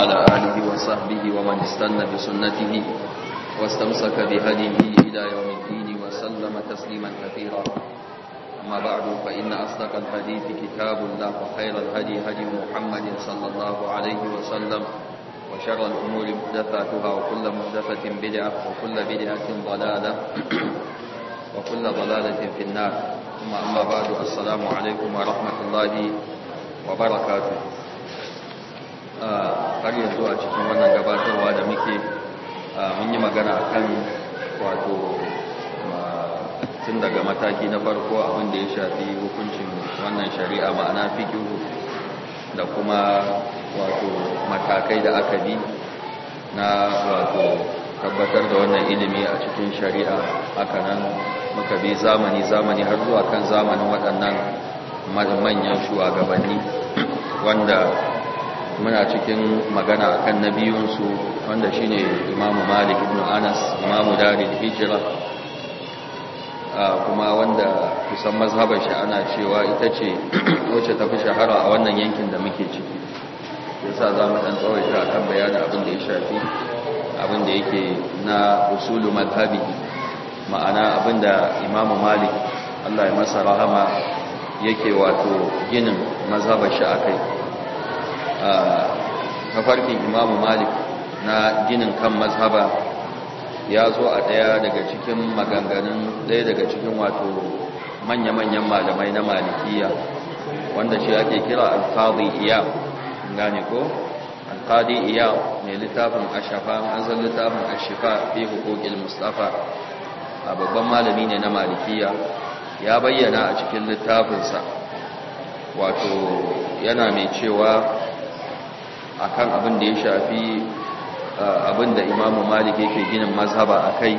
وعلى آله وصحبه ومن استنى بسنته واستمسك بهديه إلى يوم الدين وسلم تسليما كثيرا أما بعد فإن أصدق الحديث كتاب الله وخير الهدي هدي محمد صلى الله عليه وسلم وشر الأمور محدثاتها وكل محدثة بدعة وكل بدعة ضلالة وكل ضلالة في النار ثم أما بعد السلام عليكم ورحمة الله وبركاته har yanzu a cikin wannan gabatarwa da muke mun yi magana a kan wato tun daga mataki na farko abinda ya shafi hukuncin wannan shari'a ma'ana fikihu da kuma wato matakai da aka bi na wato tabbatar da wannan ilimi a cikin shari'a haka nan muka bi zamani-zamani har zuwa kan zamanin waɗannan manyan shugabanni wanda muna cikin magana akan nabiyunsu wanda shine imamu malik ibn anas imamu dari hijira kuma wanda kusan mazhabar shi ana cewa ita ce wacce ta fi shahara a wannan yankin da muke ciki yasa za mu ɗan tsawai a kan bayani abin da ya shafi abin da yake na usulu mazhabi ma'ana abin da imamu malik allah ya masa rahama yake wato ginin mazhabar shi a kai tafarkin imamu malik na ginin kan mazhaba ya zo a daya daga cikin maganganun daya daga cikin wato manya-manyan malamai na malikiya wanda shi ake kira alfadi iya gane ko alfadi iya mai littafin ashafa an zan littafin ashifa fi hukukil mustafa a babban malami ne na malikiya ya bayyana a cikin littafinsa wato yana mai cewa akan abin da ya shafi uh, abin da imamu malik yake ginin mazhaba a kai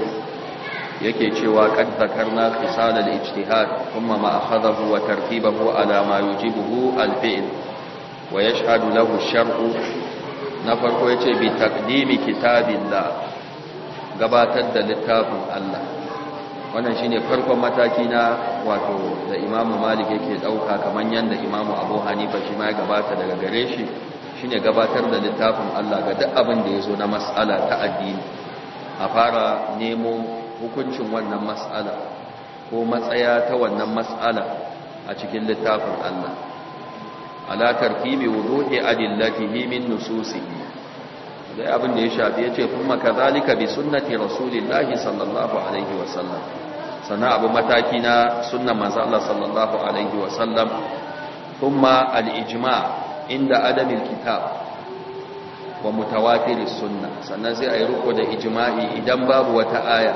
yake cewa kad zakarna qisal al-ijtihad kuma ma akhadahu wa tartibahu ala ma yujibuhu al-fi'l wa yashhadu lahu sharu na farko yace bi taqdimi kitabillah gabatar da littafin Allah wannan shine farkon mataki na wato da imamu malik yake dauka kaman yanda imamu abu hanifa shi ma ya gabata daga gare shi ne gabatar da littafin Allah ga duk abin da ya zo na mas'ala ta addini a fara nemo hukuncin wannan mas'ala ko matsaya ta wannan mas'ala a cikin littafin Allah ala tartibi wudu'i adillatihi min nususihi da abin da ya shafi yace kuma kazalika bi sunnati rasulillahi sallallahu alaihi sallam, sana abu mataki na sunnan manzo Allah sallallahu alaihi sallam. kuma al-ijma' inda adamil kitab wa mutawatir sunna sannan sai yi ruko da ijma'i idan babu wata aya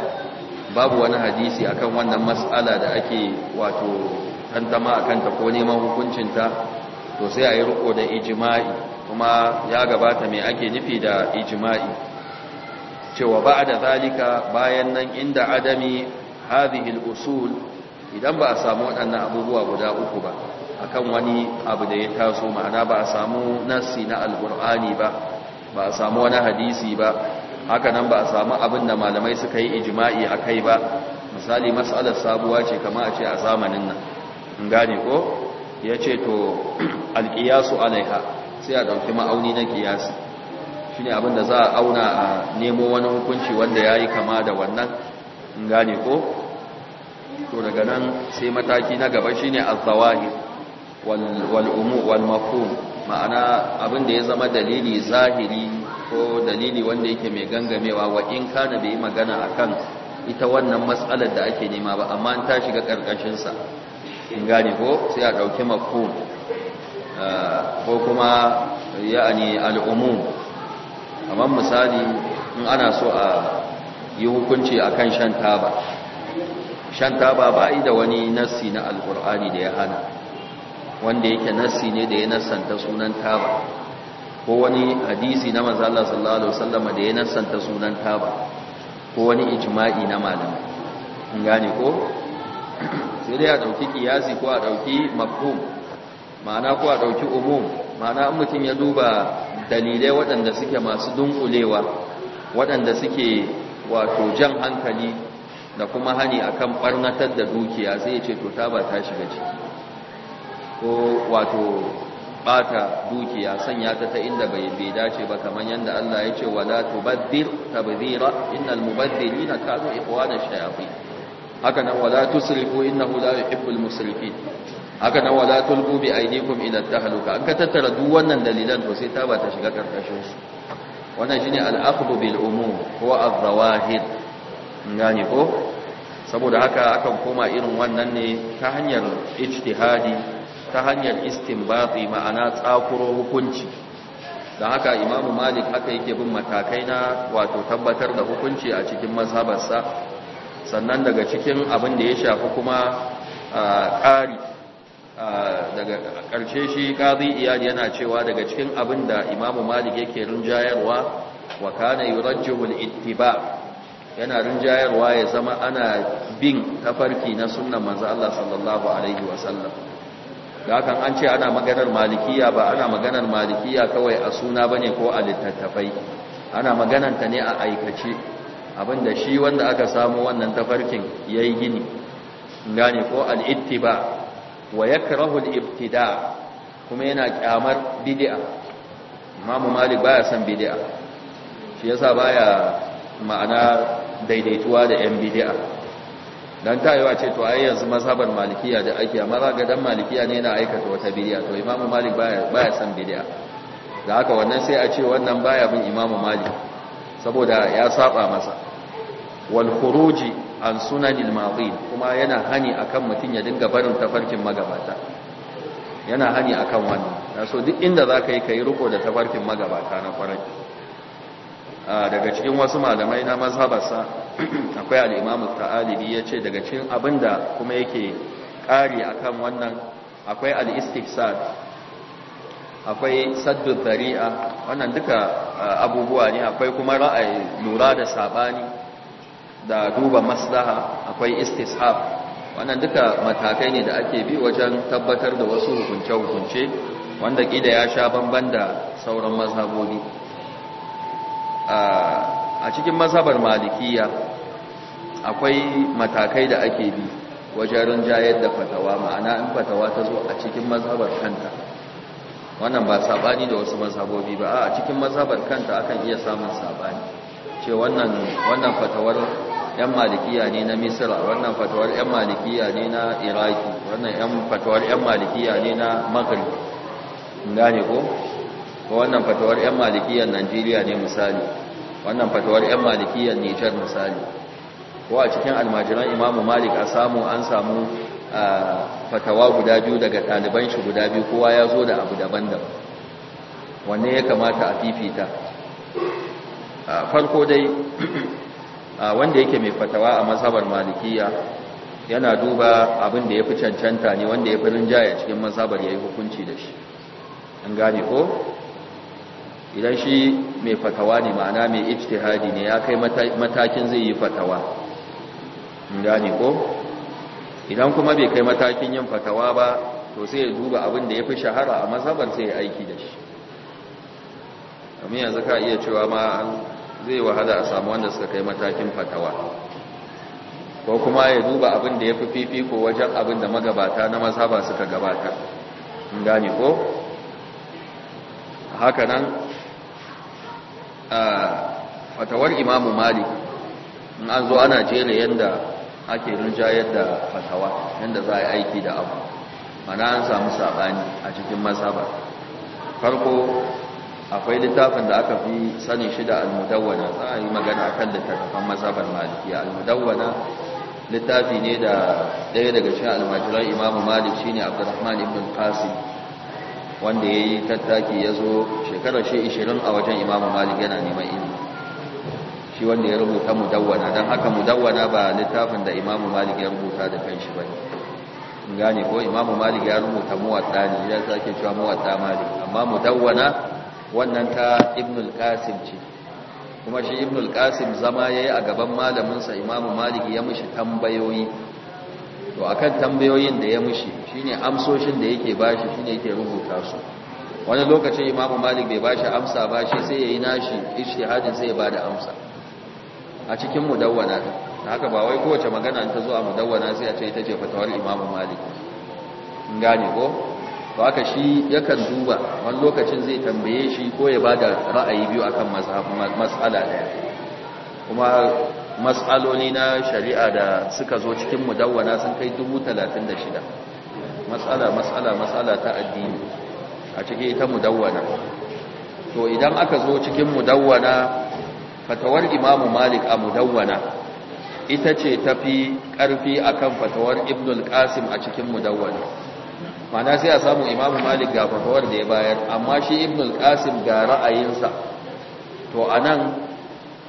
babu wani hadisi akan wannan mas'ala da ake wato tantama a kanta ko neman hukuncin ta to sai ayi ruko da ijma'i kuma ya gabata me ake nufi da ijima'i cewa da zalika bayan nan inda adami hadhihi usul idan ba a samu waɗannan abubuwa guda uku ba akan wani abu da ya taso ma'ana ba a samu nasi na alkur'ani ba ba a samu wani hadisi ba haka nan ba a samu abin da malamai suka yi ijma'i a kai ba misali matsalar sabuwa ce kama a ce a zamanin nan in gane ko ya ce to alƙiyasu alaiha sai a ɗauki ma'auni na ƙiyasi shi ne abin da za a auna a nemo wani hukunci wanda ya yi kama da wannan in gane ko to daga nan sai mataki na gaba shi ne azawahir wal mafhum ma'ana abin da ya zama dalili zahiri ko dalili wanda yake mai gangamewa wa in kana bai magana akan ita wannan matsalar da ake nema ba amma an ta shiga ƙarƙashinsa. sa in gani ko sai a ɗauki mafhum ah, ko kuma ya'ani al'umu kamar misali in ana so a yi hukunci akan shan taba shan taba ba da wani nassi na Alƙur'ani da ya hana wanda yake nassi ne da ya nassanta sunan taba ko wani hadisi na manzo Allah sallallahu alaihi wasallam da ya nassanta sunan taba ko wani ijma'i na malamai in gane ko sai dai a dauki kiyasi ko a dauki mafhum ma'ana ko a dauki umum ma'ana in mutum ya duba dalilai waɗanda suke masu dunkulewa waɗanda suke wato jan hankali da kuma hani akan barnatar da dukiya sai ya ce to ta ba ta shiga ciki ko wato bata dukiya sanya ta ta inda bai bai dace ba kaman yanda Allah ya ce wala tubaddir tabdhira innal mubaddilina kanu ikhwana shayatin haka nan wala tusrifu innahu la yuhibbul musrifin haka nan wala tulqu bi aydikum ila tahluka an ka tattara duk wannan dalilan to sai ta ba ta shiga karkashin su wannan shine al-akhdhu bil umum huwa adh-dhawahir ngani ko saboda haka akan koma irin wannan ne ta hanyar ijtihadi ta hanyar istinbati ma'ana tsakuro hukunci da haka imamu malik haka yake bin matakai na wato tabbatar da hukunci a cikin mazhabarsa sannan daga cikin abin da ya shafi kuma ƙari daga ƙarshe shi ƙazi iyal yana cewa daga cikin abin da imamu malik yake rinjayarwa wa kana yurajjihul ittiba yana rinjayarwa ya zama ana bin tafarki na sunnan manzo Allah sallallahu alaihi wasallam da hakan an ce ana maganar malikiya ba ana maganar malikiya kawai a suna ba ne ko a littattafai ana magananta ne a aikace abinda shi wanda aka samu wannan tafarkin ya yi gini gane ko al'itti ba wa yakrahu al-ibtida kuma yana kyamar bidi'a mamu Malik baya son bidi'a shi yasa baya ma'ana daidaituwa da yan bidi'a. dan tayewa ce to ai yanzu mazhabar malikiya da ake amma za ga dan malikiya ne yana aikata wata bid'a to imamu malik baya baya san bid'a da haka wannan sai a ce wannan baya bin imamu malik saboda ya saba masa wal khuruji an sunanil madin kuma yana hani akan mutun ya dinga barin tafarkin magabata yana hani akan wannan so duk inda zaka yi kai riko da tafarkin magabata na kwarai Ah, daga cikin wasu malamai na mazhabarsa akwai al'imamu ta'alibi ya ce daga cikin abin da kuma yake ƙari a kan wannan akwai al'istifsar akwai saddun zari'a wannan duka ah, abubuwa ne akwai kuma ra'ayi lura da saɓani da duba maslaha akwai istishab wannan duka matakai ne da ake bi wajen tabbatar da wasu hukunce-hukunce wanda ƙida ya sha bamban da sauran mazhabobi a cikin mazhabar malikiya akwai matakai da ake bi wajen rinjayar da fatawa ma'ana in fatawa ta zo a cikin mazhabar kanta wannan ba sabani da wasu mazhabobi ba a cikin mazhabar kanta akan iya samun sabani ce wannan wannan fatawar yan malikiya ne na misra wannan fatawar yan malikiya ne na iraki wannan yan fatawar yan malikiya ne na maghrib gane ko ko wannan fatawar 'yan malikiyar najeriya ne misali wannan fatawar 'yan malikiyar nijar misali ko a cikin almajiran imamu malik a samu an samu fatawa guda biyu daga ɗaliban shi guda biyu kowa ya zo da abu daban-daban wanne ya kamata a fifita farko dai wanda yake mai fatawa a mazhabar malikiya yana duba abin da ya fi cancanta ne wanda ya fi rinjaya cikin mazhabar ya yi hukunci da shi an gane ko idan shi mai fatawa ne ma'ana mai ijtihadi ne ya kai matakin zai yi fatawa gani ko idan kuma bai kai matakin yin fatawa ba to sai ya duba abin da ya fi shahara a mazhabar sai ya aiki da shi amma yanzu ka iya cewa ma zai wahala a samu wanda suka kai matakin fatawa ko kuma ya duba abin da ya fi fifiko wajen abin da magabata na mazhaba suka gabata gani ko haka nan fatawar imamu malik in an zo ana jera yadda ake rinjayar da fatawa yadda za a yi aiki da abu mana an samu saɓani a cikin masaba farko akwai littafin da aka fi sani shida da almudawwana za a yi magana a kan littattafan masabar maliki. almudawwana littafi ne da daya daga cikin almajiran imamu malik shine abdurrahman ibn qasim wanda ya yi tattaki ya zo shekarar shi ishirin a wajen imamu malik yana neman ilimi shi wanda ya rubuta mudawwana don haka mudawwana ba littafin da imamu malik ya rubuta da kanshi ba gane ko imamu malik ya rubuta muwatsa ne ya sake cewa muwatsa malik amma mudawwana wannan ta ibnul qasim ce kuma shi ibnul qasim zama yayi a gaban malamin sa imamu malik ya mishi tambayoyi to akan tambayoyin da ya mushi shine amsoshin da yake bashi shine yake rubuta su wani lokacin imamu malik bai bashi amsa ba shi sai yayi nashi ijtihadin sai ya bada amsa a cikin mudawwana ta haka ba wai kowace magana ta zo a mudawwana sai a ce ita ce fatawar imamu malik in gane ko to haka shi yakan duba wani lokacin zai tambaye shi ko ya bada ra'ayi biyu akan mas'ala daya kuma matsaloli na shari'a da suka zo cikin mudawwana sun kai 36 matsala matsala matsala ta addini a cikin ita mudawwana to idan aka zo cikin mudawwana fatawar imamu malik a mudawwana ita ce ta tafi karfi akan fatawar ibnul qasim a cikin mudawwana mana sai a samu imamu malik ga fatawar da ya bayar amma shi ibnul qasim ga ra'ayinsa to anan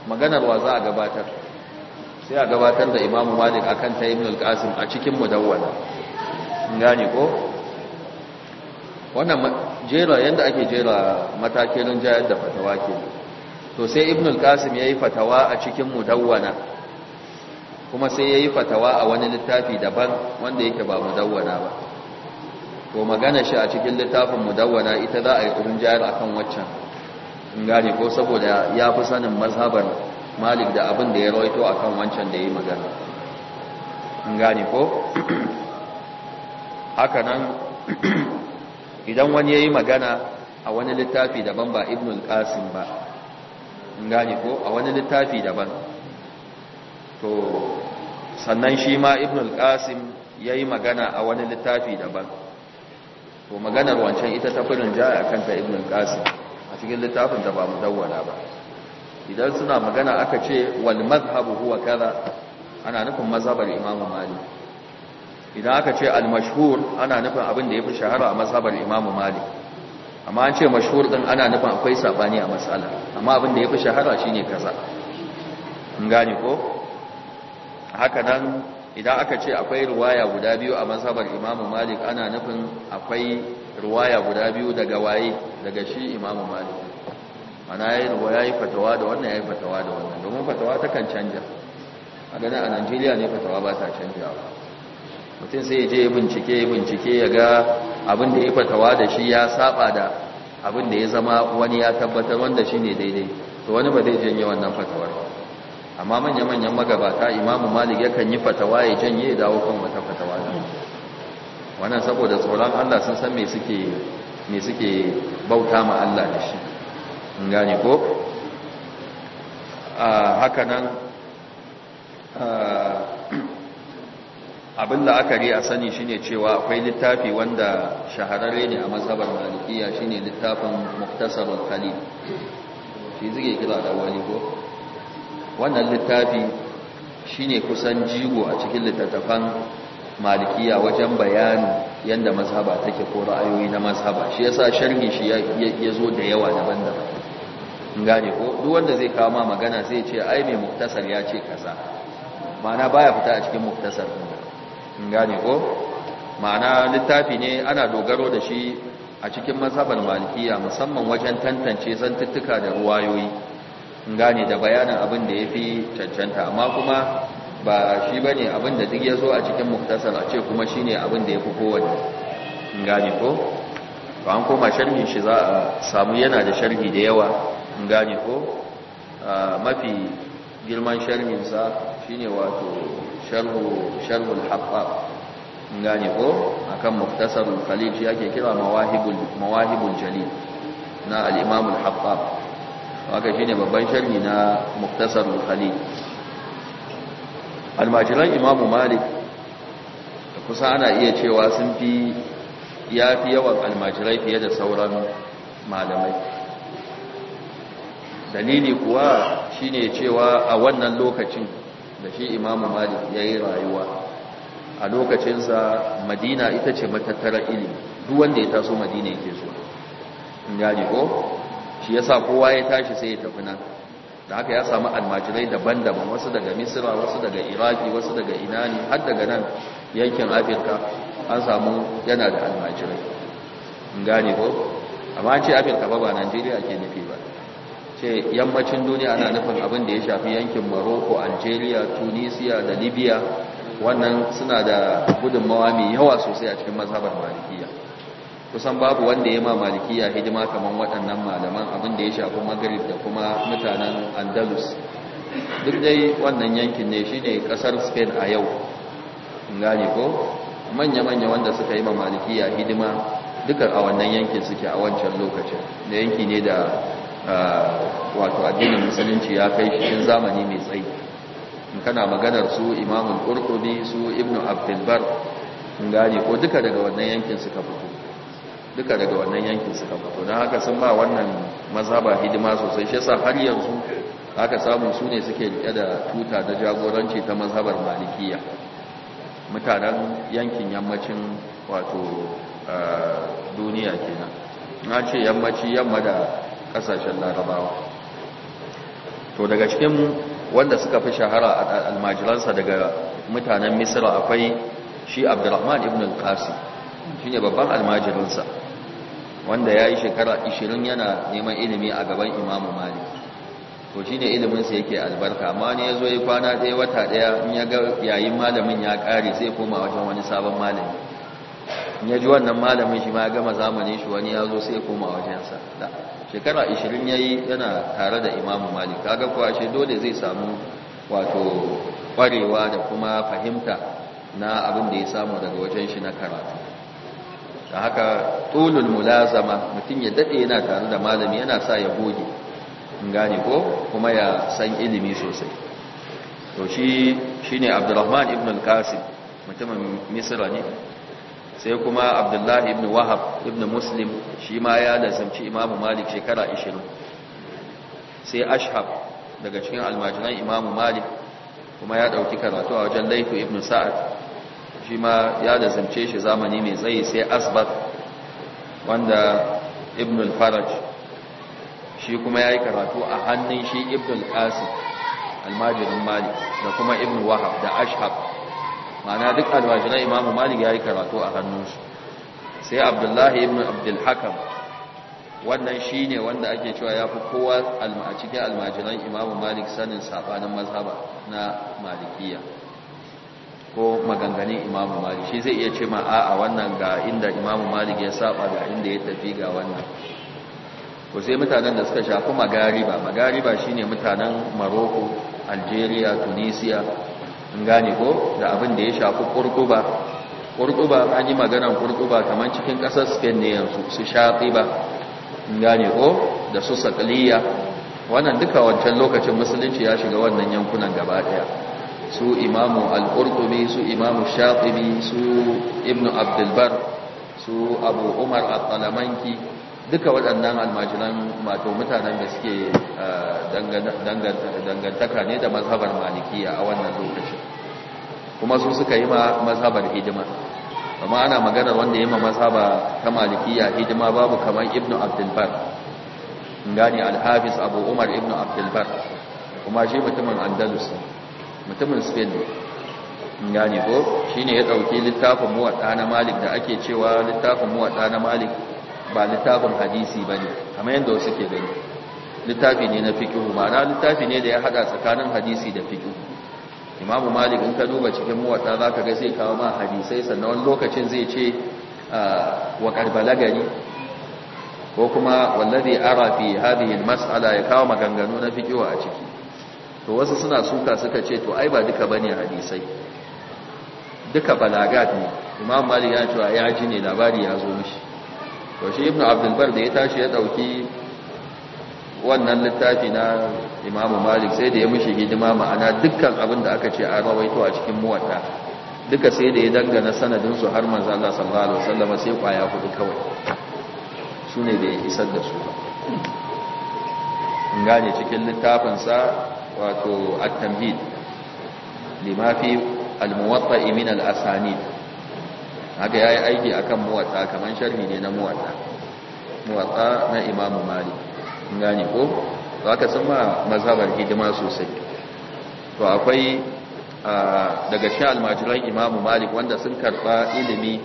maganar wa za a gabatar sai a gabatar da imamu malik akan ta ibn al-qasim a cikin mudawwala gane ko wannan jera yadda ake jera matakin jayar da fatawa ke to sai ibn al-qasim yayi fatawa a cikin mudawwana kuma sai yayi fatawa a wani littafi daban wanda yake ba mudawwana ba to magana shi a cikin littafin mudawwana ita za a yi kurin jayar akan waccan in gane ko saboda ya fi sanin mazhabar malik da abin da ya rawaito akan wancan da ya yi magana in gani ko haka nan idan wani ya yi magana a wani littafi daban ba ibn al-qasim ba in gani ko a wani littafi daban to sannan shi ma ibn al-qasim ya yi magana a wani littafi daban to maganar wancan ita ta firin jaya a kanta ibn al-qasim a cikin littafin da ba mu dawwala ba idan suna magana aka ce wal mazhabu huwa kaza ana nufin mazhabar Imamu Malik idan aka ce al mashhur ana nufin abin da yafi shahara a mazhabar Imamu Malik amma an ce mashhur din ana nufin akwai sabani a mas'ala amma abin da yafi shahara shine kaza in gane ko haka nan idan aka ce akwai riwaya guda biyu a mazhabar Imamu Malik ana nufin akwai riwaya guda biyu daga waye daga shi Imamu Malik ana yayi ruwa yayi fatawa da wannan yayi fatawa da wannan domin fatawa ta kan canja a gani a Najeriya ne fatawa ba ta canjawa mutum sai ya je ya bincike ya bincike ya ga abin da ya fatawa da shi ya saba da abin da ya zama wani ya tabbatar wanda shi ne daidai to wani ba zai janye wannan fatawar amma manya-manyan magabata imamu malik yakan yi fatawa ya janye da dawo kan wata fatawa da wannan saboda tsoron allah sun san me suke bauta ma allah da shi gane ko ah, haka nan ah, abin la'akari a sani shine cewa akwai littafi wanda shahararre ne a mazhabar malikiya shine littafin muktasarul khalil shi zige kira da wani ko wannan littafi shine kusan jigo a cikin littattafan malikiya wajen bayani yanda mazhaba take ko ra'ayoyi na mazhaba shi yasa sharhi shi ya zo da yawa daban-daban gane ko duk wanda zai kawo ma magana zai ce ai mai muktasar ya ce kaza ma'ana baya fita a cikin muktasar din gane ko ma'ana littafi ne ana dogaro da shi a cikin mazhabar malikiya musamman wajen tantance zantuttuka da ruwayoyi gane da bayanin abin da yafi cancanta amma kuma ba shi bane abin da duk ya zo a cikin muktasar a ce kuma shine abin da yafi kowanne gane ko to an koma sharhin shi za a samu yana da sharhi da yawa gane ko mafi girman sharminsa shine wato sharhul haɓɓa gane ko akan muktasarul khalil shi ake kira mawahibul mawahibul jalil na al-imam Waka haffaf haka shine babban sharhi na muktasarul khalil almajiran imam malik kusa ana iya cewa sun fi ya fi yawan almajirai fiye da sauran malamai dalili kuwa shine cewa a wannan lokacin da shi imamu malik ya yi rayuwa a lokacinsa madina ita ce matattara ilimi duk wanda ya taso madina yake zuwa in gaji ko shi ya sa kowa ya tashi sai ya tafi nan da haka ya samu almajirai daban-daban wasu daga misira wasu daga iraki wasu daga inani har daga nan yankin afirka an samu yana da almajirai in gane ko amma an ce afirka ba ba najeriya ke nufi ce yammacin duniya ana nufin abin da ya shafi yankin Maroko, Algeria, Tunisia da Libya wannan suna da gudunmawa mai yawa sosai a cikin mazhabar malikiya kusan babu wanda ya ma malikiya hidima kamar waɗannan malaman abin da ya shafi magrib da kuma mutanen Andalus duk dai wannan yankin ne shine kasar Spain a yau gane ko manya-manya wanda suka yi ma malikiya hidima dukkan a wannan yankin suke a wancan lokacin da yanki ne da Eh, wato addinin musulunci ya kai cikin zamani mai tsayi in kana maganar su imamul qurtubi su ibnu abdul bar gane ko duka daga wannan yankin suka fito duka daga wannan yankin suka fito don haka sun ba wannan mazhaba hidima sosai shi yasa har yanzu aka samu su ne suke rike da tuta da jagoranci ta mazhabar malikiya mutanen yankin yammacin wato eh, duniya kenan na ce yammaci yamma da kasashen larabawa to daga cikin wanda suka fi shahara a almajiransa daga mutanen Misira akwai shi abdurrahman ibn Qasi shi shine babban almajirinsa wanda ya yi shekara 20 yana neman ilimi a gaban imamu mali to shi ne iliminsa yake albarka amma ne ya zo yi kwana ɗaya wata ɗaya in ya ga yayin malamin ya kare sai koma wajen wani sabon malami in ya ji wannan malamin shi ma ya gama zamanin shi wani ya zo sai koma wajensa shekara 20 yayi yana tare da imamu malik kaga kuwa shi dole zai samu wato kwarewa da kuma fahimta na abin da ya samu daga wajen shi na karatu da haka tulul mulazama mutum ya dade yana tare da malami yana sa ya goge in gane ko kuma ya san ilimi sosai to shi shine abdurrahman ibn al-qasim mutumin misra ne sai kuma abdullahi ibn wahab ibn muslim shi ma ya lazamci imamu malik shekara 20 sai ashab daga cikin almajiran imamu malik kuma ya ɗauki karatu a wajen laifu ibn sa'ad shi ma ya lazamce shi zamani mai tsayi sai asbat wanda ibn faraj shi kuma ya yi karatu a hannun shi ibn al-qasim almajirin malik da kuma ibn wahab da ashab ma'ana duk almajiran imamu malik ya yi karatu a hannunsu sai abdullahi ibn abdulhakam wannan shi ne wanda ake cewa ya fi kowa a cikin almajiran imamu malik sanin sabanin mazhaba na malikiya ko maganganin imamu malik shi zai iya ce ma a wannan ga inda imamu malik ya saba ga inda ya tafi ga wannan ko sai mutanen da suka shafi magariba magariba shine mutanen maroko algeria tunisia in gane ko da abin da ya shafi ƙurƙuba ƙurƙuba an yi maganan ƙurƙuba kamar cikin ƙasar spain ne yanzu su shaƙi ba in gane ko da su saƙaliya wannan duka wancan lokacin musulunci ya shiga wannan yankunan gaba ɗaya su imamu al-ƙurƙubi su imamu shaƙibi su ibnu abdulbar su abu umar al-talamanki duka waɗannan almajiran mato mutanen da suke eh, dangantaka ne da mazhabar malikiya a wannan lokacin kuma su suka yi ma mazhabar hidima amma ana magana wanda yi ma mazhaba ta malikiya hidima babu kamar ibn abdulbar al-hafiz abu umar ibn abdulbar kuma shi mutumin andalus mutumin spain ne gani ko shine ya dauki littafin muwatta na malik da ake cewa littafin muwatta na malik ba littafin hadisi ba ne kamar yadda suke gani littafi ne na fikihu ma'ana littafi ne da ya haɗa tsakanin hadisi da fikihu imamu malik in ka duba cikin muwatta za ka ga zai kawo ma hadisai sannan wani lokacin zai ce ah, wa karbala gari ko kuma wallazi ara fi hadhihi mas'ala ya kawo maganganu na fikiwa a ciki to wasu suna suka suka ce to ai ba duka bane hadisai duka balagat ne imam malik ya ce ya ji ne labari ya zo mishi to shi ibnu abdul bar da ya tashi ya ɗauki. wannan littafi na imamu malik sai da ya mushi hidima ma'ana dukkan abin da aka ce a rawaito a cikin muwatta duka sai da ya dangana sanadinsu har manzo Allah sallallahu alaihi wasallam sai kwaya hudu kawai su ne da ya isar da su in gane cikin littafinsa wato at-tamhid lima fi al-muwatta min al-asanid haka yayi aiki akan muwatta kaman sharhi ne na muwatta muwatta na imamu malik gane ko za ka san ma mazhabar hidima sosai to akwai daga sha almajiran imamu malik wanda sun karba ilimi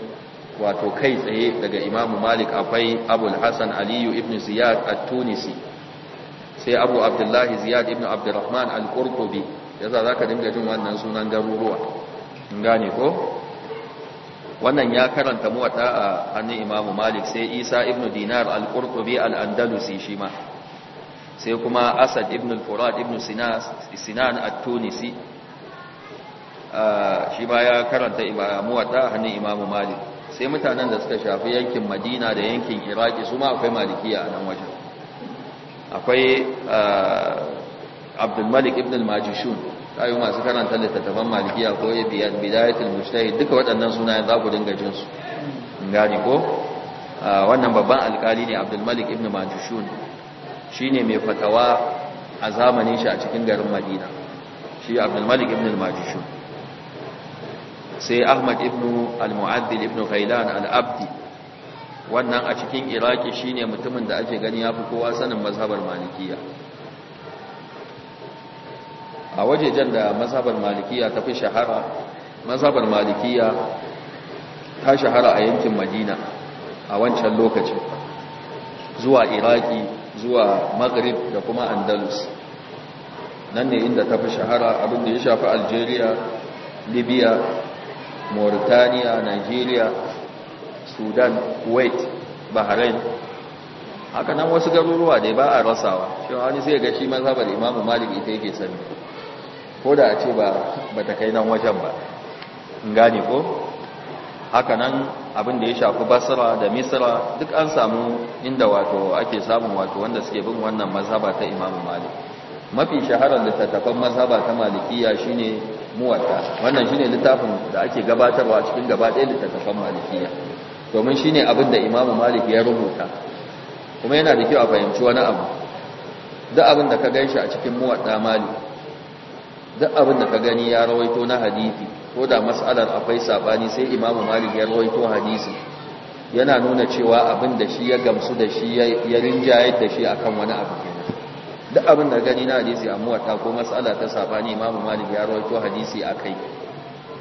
wato kai tsaye daga imamu malik akwai abul hassan aliyu ibn ziyad at-tunisi sai abu abdullahi ziyad ibn abdurrahman al-qurtubi za ka dinga jin wannan sunan garuruwa gane ko wannan ya karanta muwata a hannun imamu malik sai isa ibn dinar al-qurtubi al-andalusi shi ma sai kuma asad ibn al-furad ibn sinan at-tunisi shi ma ya karanta muwatta hannun imamu malik sai mutanen da suka shafi yankin madina da yankin iraki su ma akwai malikiya a nan wajen akwai abdulmalik ibn al-majishun yi masu karanta littattafan malikiya ko bidayatul mujtahid duka waɗannan sunayen za ku dinga jin su gani ko wannan babban alƙali ne abdulmalik ibn majishun shine mai fatawa a zamanin shi a cikin garin Madina shi Abdul Malik ibn al-Majishu sai Ahmad ibn al-Mu'addil ibn Khailan al-Abdi wannan a cikin Iraki shine mutumin da ake gani yafi kowa sanin mazhabar Malikiya a wajejen da mazhabar Malikiya ta fi shahara mazhabar Malikiya ta shahara a yankin Madina a wancan lokacin zuwa Iraki zuwa maghrib da kuma andalus nan ne inda ta fi shahara abin da ya shafi algeria libya mauritania nigeria sudan kuwait bahrain haka nan wasu garuruwa da ba a rasawa shi wani sai ga shi mazhabar imamu malik ita yake sani ko da a ce ba ta kai nan wajen ba gane ko haka nan abin da ya shafi basira da misira duk an samu inda wato ake samun wato wanda suke bin wannan mazhaba ta imamu malik mafi shaharar littattafan mazhaba ta malikiya shine muwatta wannan shine littafin da ake gabatarwa cikin gaba ɗaya littattafan malikiya domin shine abin da imamu malik ya rubuta kuma yana da kyau a fahimci wani abu duk abin da ka gan shi a cikin muwatta malik duk abin da ka gani ya rawaito na hadisi ko da mas'alar akwai sabani sai imamu malik ya rawaito hadisi yana nuna cewa abin da shi ya gamsu da shi ya rinjaye da shi akan wani abu kenan duk abin da gani na hadisi amma wata ko mas'ala ta sabani imamu malik ya rawaito hadisi akai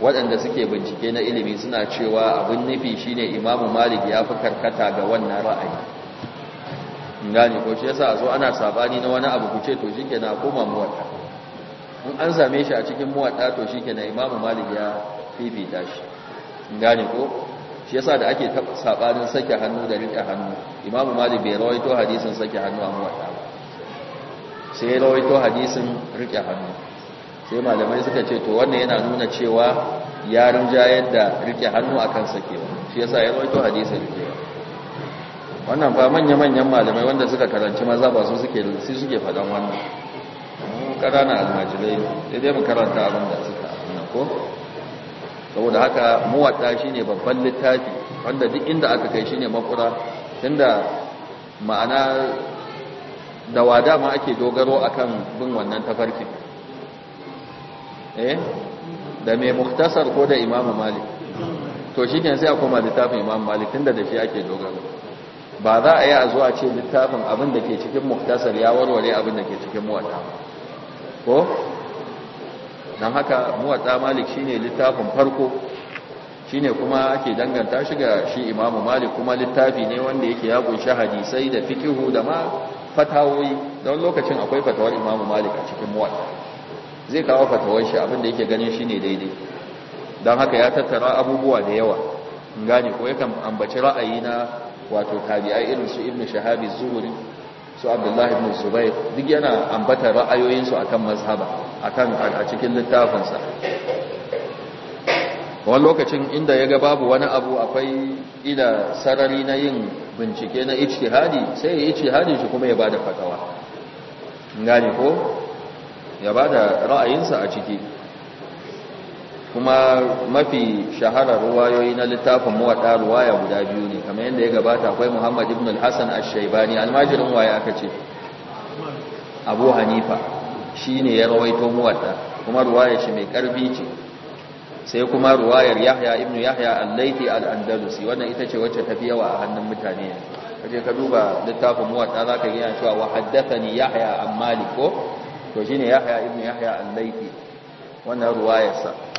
waɗanda suke bincike na ilimi suna cewa abin nufi shine imamu malik ya fi karkata ga wannan ra'ayi gani ko shi yasa a zo ana sabani na wani abu ku ce to shikenan koma mu in an same shi a cikin muwadda to na imamu malik ya fifita shi gane ko shi yasa da ake sabanin sake hannu da rike hannu imamu malik bai rawaito hadisin sake hannu a muwadda sai rawaito hadisin rike hannu sai malamai suka ce to wannan yana nuna cewa ya rinja da rike hannu akan sakewa shi yasa ya rawaito hadisin rikewa wannan fa manya-manyan malamai wanda suka karanci maza ba su suke faɗan wannan ƙananan almajirai sai dai mu karanta abin da suka nan ko saboda haka muwatta ne babban littafi wanda duk inda aka kai shi ne makura inda ma'ana da wada ma ake dogaro akan bin wannan tafarkin eh da mai muktasar ko da imamu malik to shi sai a koma littafin imamu malik tunda da shi ake dogaro ba za a yi a zuwa ce littafin abin da ke cikin muktasar ya warware abin da ke cikin muwata ba. ko don haka muwatsa malik shine littafin farko shine kuma ake danganta shi ga shi imamu malik kuma littafi ne wanda yake ya kunshi hadisai da fikihu da ma fatawoyi don lokacin akwai fatawar imamu malik a cikin muwatsa zai kawo fatawar shi abinda yake ganin shine daidai don haka ya tattara abubuwa da yawa in gane ko yakan ambaci ra'ayi na wato tabi'ai irin su ibnu shahabi zuhuri su abdullahi ibn zubair duk yana ambatar ra'ayoyinsu akan mazhaba akan a cikin littafinsa wani lokacin inda ya ga babu wani abu akwai ina sarari na yin bincike na ici-hadi sai ya hadi shi kuma ya bada fatawa gane ko ya bada ra'ayinsa a ciki kuma mafi shahara ruwayoyi na littafin muwadda ruwaya guda biyu ne kamar yadda ya gabata akwai Muhammad ibn al-Hasan ash-Shaybani almajirin waye aka ce Abu Hanifa ne ya rawaito muwadda kuma ruwaya shi mai karfi ce sai kuma ruwayar Yahya ibn Yahya al-Laythi al-Andalusi wannan ita ce wacce tafi yawa a hannun mutane kaje ka duba littafin muwadda zaka ka gina cewa wa haddathani Yahya an Malik ko to shine Yahya ibn Yahya al-Laythi wannan ruwayarsa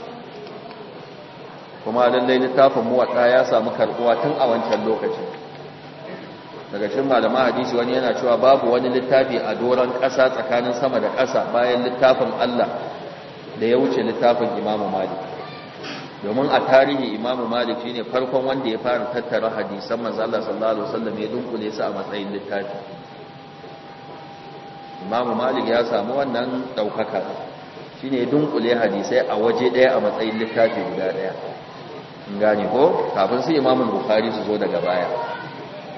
kuma lallai littafin muwatta ya samu karbuwa tun a wancan lokacin daga cikin malaman hadisi wani yana cewa babu wani littafi a doron ƙasa tsakanin sama da ƙasa bayan littafin Allah da ya wuce littafin Imam Malik domin a tarihi Imam Malik shine farkon wanda ya fara tattara hadisan manzo Allah sallallahu alaihi wasallam ya dunkule su a matsayin littafi Imam Malik ya samu wannan daukaka shine ya dunkule hadisai a waje daya a matsayin littafi guda ɗaya. gane ko kafin su imamul bukhari su zo daga baya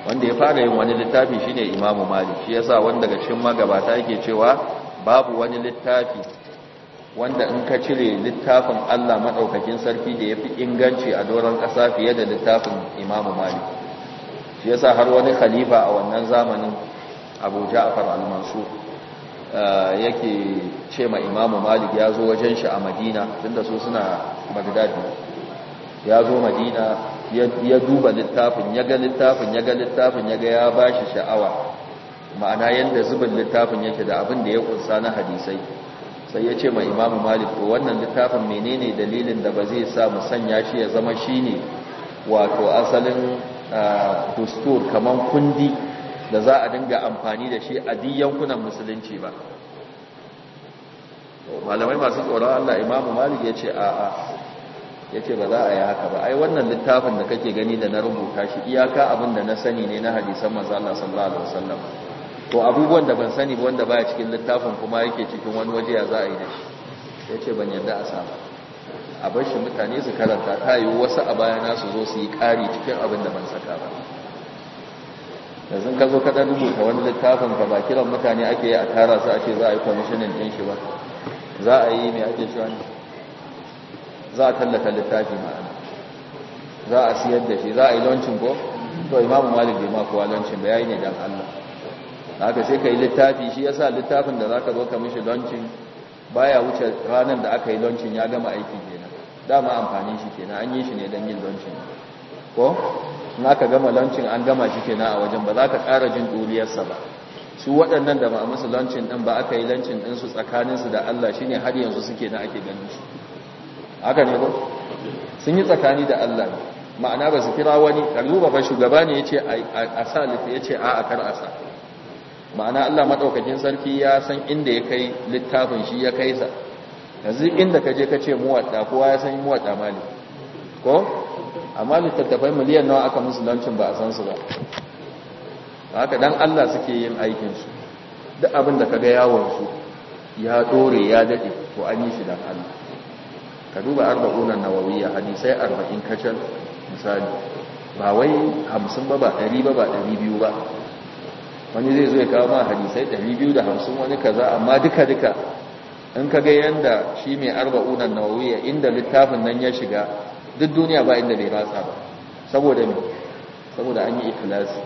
wanda ya fara yin wani littafi shine imamu malik shi yasa wanda daga cikin magabata yake cewa babu wani littafi wanda in ka cire littafin Allah madaukakin sarki da yafi inganci a doron ƙasa fiye da littafin imamu malik shi yasa har wani khalifa a wannan zamanin abu ja'far al-mansur eh, yake ce ma imamu malik ya zo wajen shi a madina tunda su suna bagdad ya zo madina ya duba littafin ya ga littafin ya ga littafin ya ga ya ba shi sha'awa ma'ana yadda zubin littafin yake da abin da ya kunsa na hadisai sai ya ce ma imamu malik to wannan littafin menene dalilin da ba zai sa mu sanya shi ya zama shi ne wato asalin dustur kamar kundi da za a dinga amfani da shi a duk yankunan musulunci ba malamai masu tsoron Allah imamu malik ya ce a'a Ya ce ba za a yi haka ba ai wannan littafin da kake gani da na rubuta shi iyaka abin da na sani ne na hadisan manzo Allah sallallahu alaihi wasallam to abubuwan da ban sani ba wanda baya cikin littafin kuma yake cikin wani waje za a yi da shi Ya ce ban yarda a saba a bar shi mutane su karanta ta yi wasu a baya na su zo su yi ƙari cikin abin da ban saka ba yanzu ka zo kaɗan rubuta wani littafin ka ba kiran mutane ake yi a tara su a ce za a yi kwamishinin ɗin shi ba za a yi mai ake shi wani za a tallata littafi ma'ana za a siyar da shi za a yi launcin ko to imamu malik bai ma kowa da ba yi ne don Allah haka sai yi littafi shi yasa littafin da za ka zo ka mishi launcin baya wuce ranar da aka yi launcin ya gama aiki kenan dama amfani shi kenan an yi shi ne don yin launcin ko Na ka gama launcin an gama shi kenan a wajen ba za ka ƙara jin duriyarsa ba su waɗannan da ba a musu launcin ɗin ba aka yi launcin ɗinsu tsakaninsu da Allah shine har yanzu suke na ake ganin shi haka ne ko sun yi tsakani da Allah ma'ana ba su kira wani ɗarzuba ba shugaba ne ya ce a sa ya ce a a kar a sa ma'ana Allah maɗaukakin sarki ya san inda ya kai littafin shi ya kai sa yanzu inda ka je ka ce muwaɗa kowa ya san muwaɗa mali ko amma littattafai miliyan nawa aka musu lancin ba a san su ba haka dan Allah suke yin aikinsu duk abin da ka ga yawon su ya ɗore ya daɗe to an yi shi da Allah ka duba arba'unan nawawiyya hadisai arba'in kacal misali ba wai hamsin ba ba ɗari ba ba ɗari biyu ba wani zai zo ya kawo ma hadisai ɗari biyu da hamsin wani kaza amma duka duka in ka ga yanda shi mai arba'unan nawawiyya inda littafin nan ya shiga duk duniya ba inda bai ratsa ba saboda me saboda an yi ikhlasi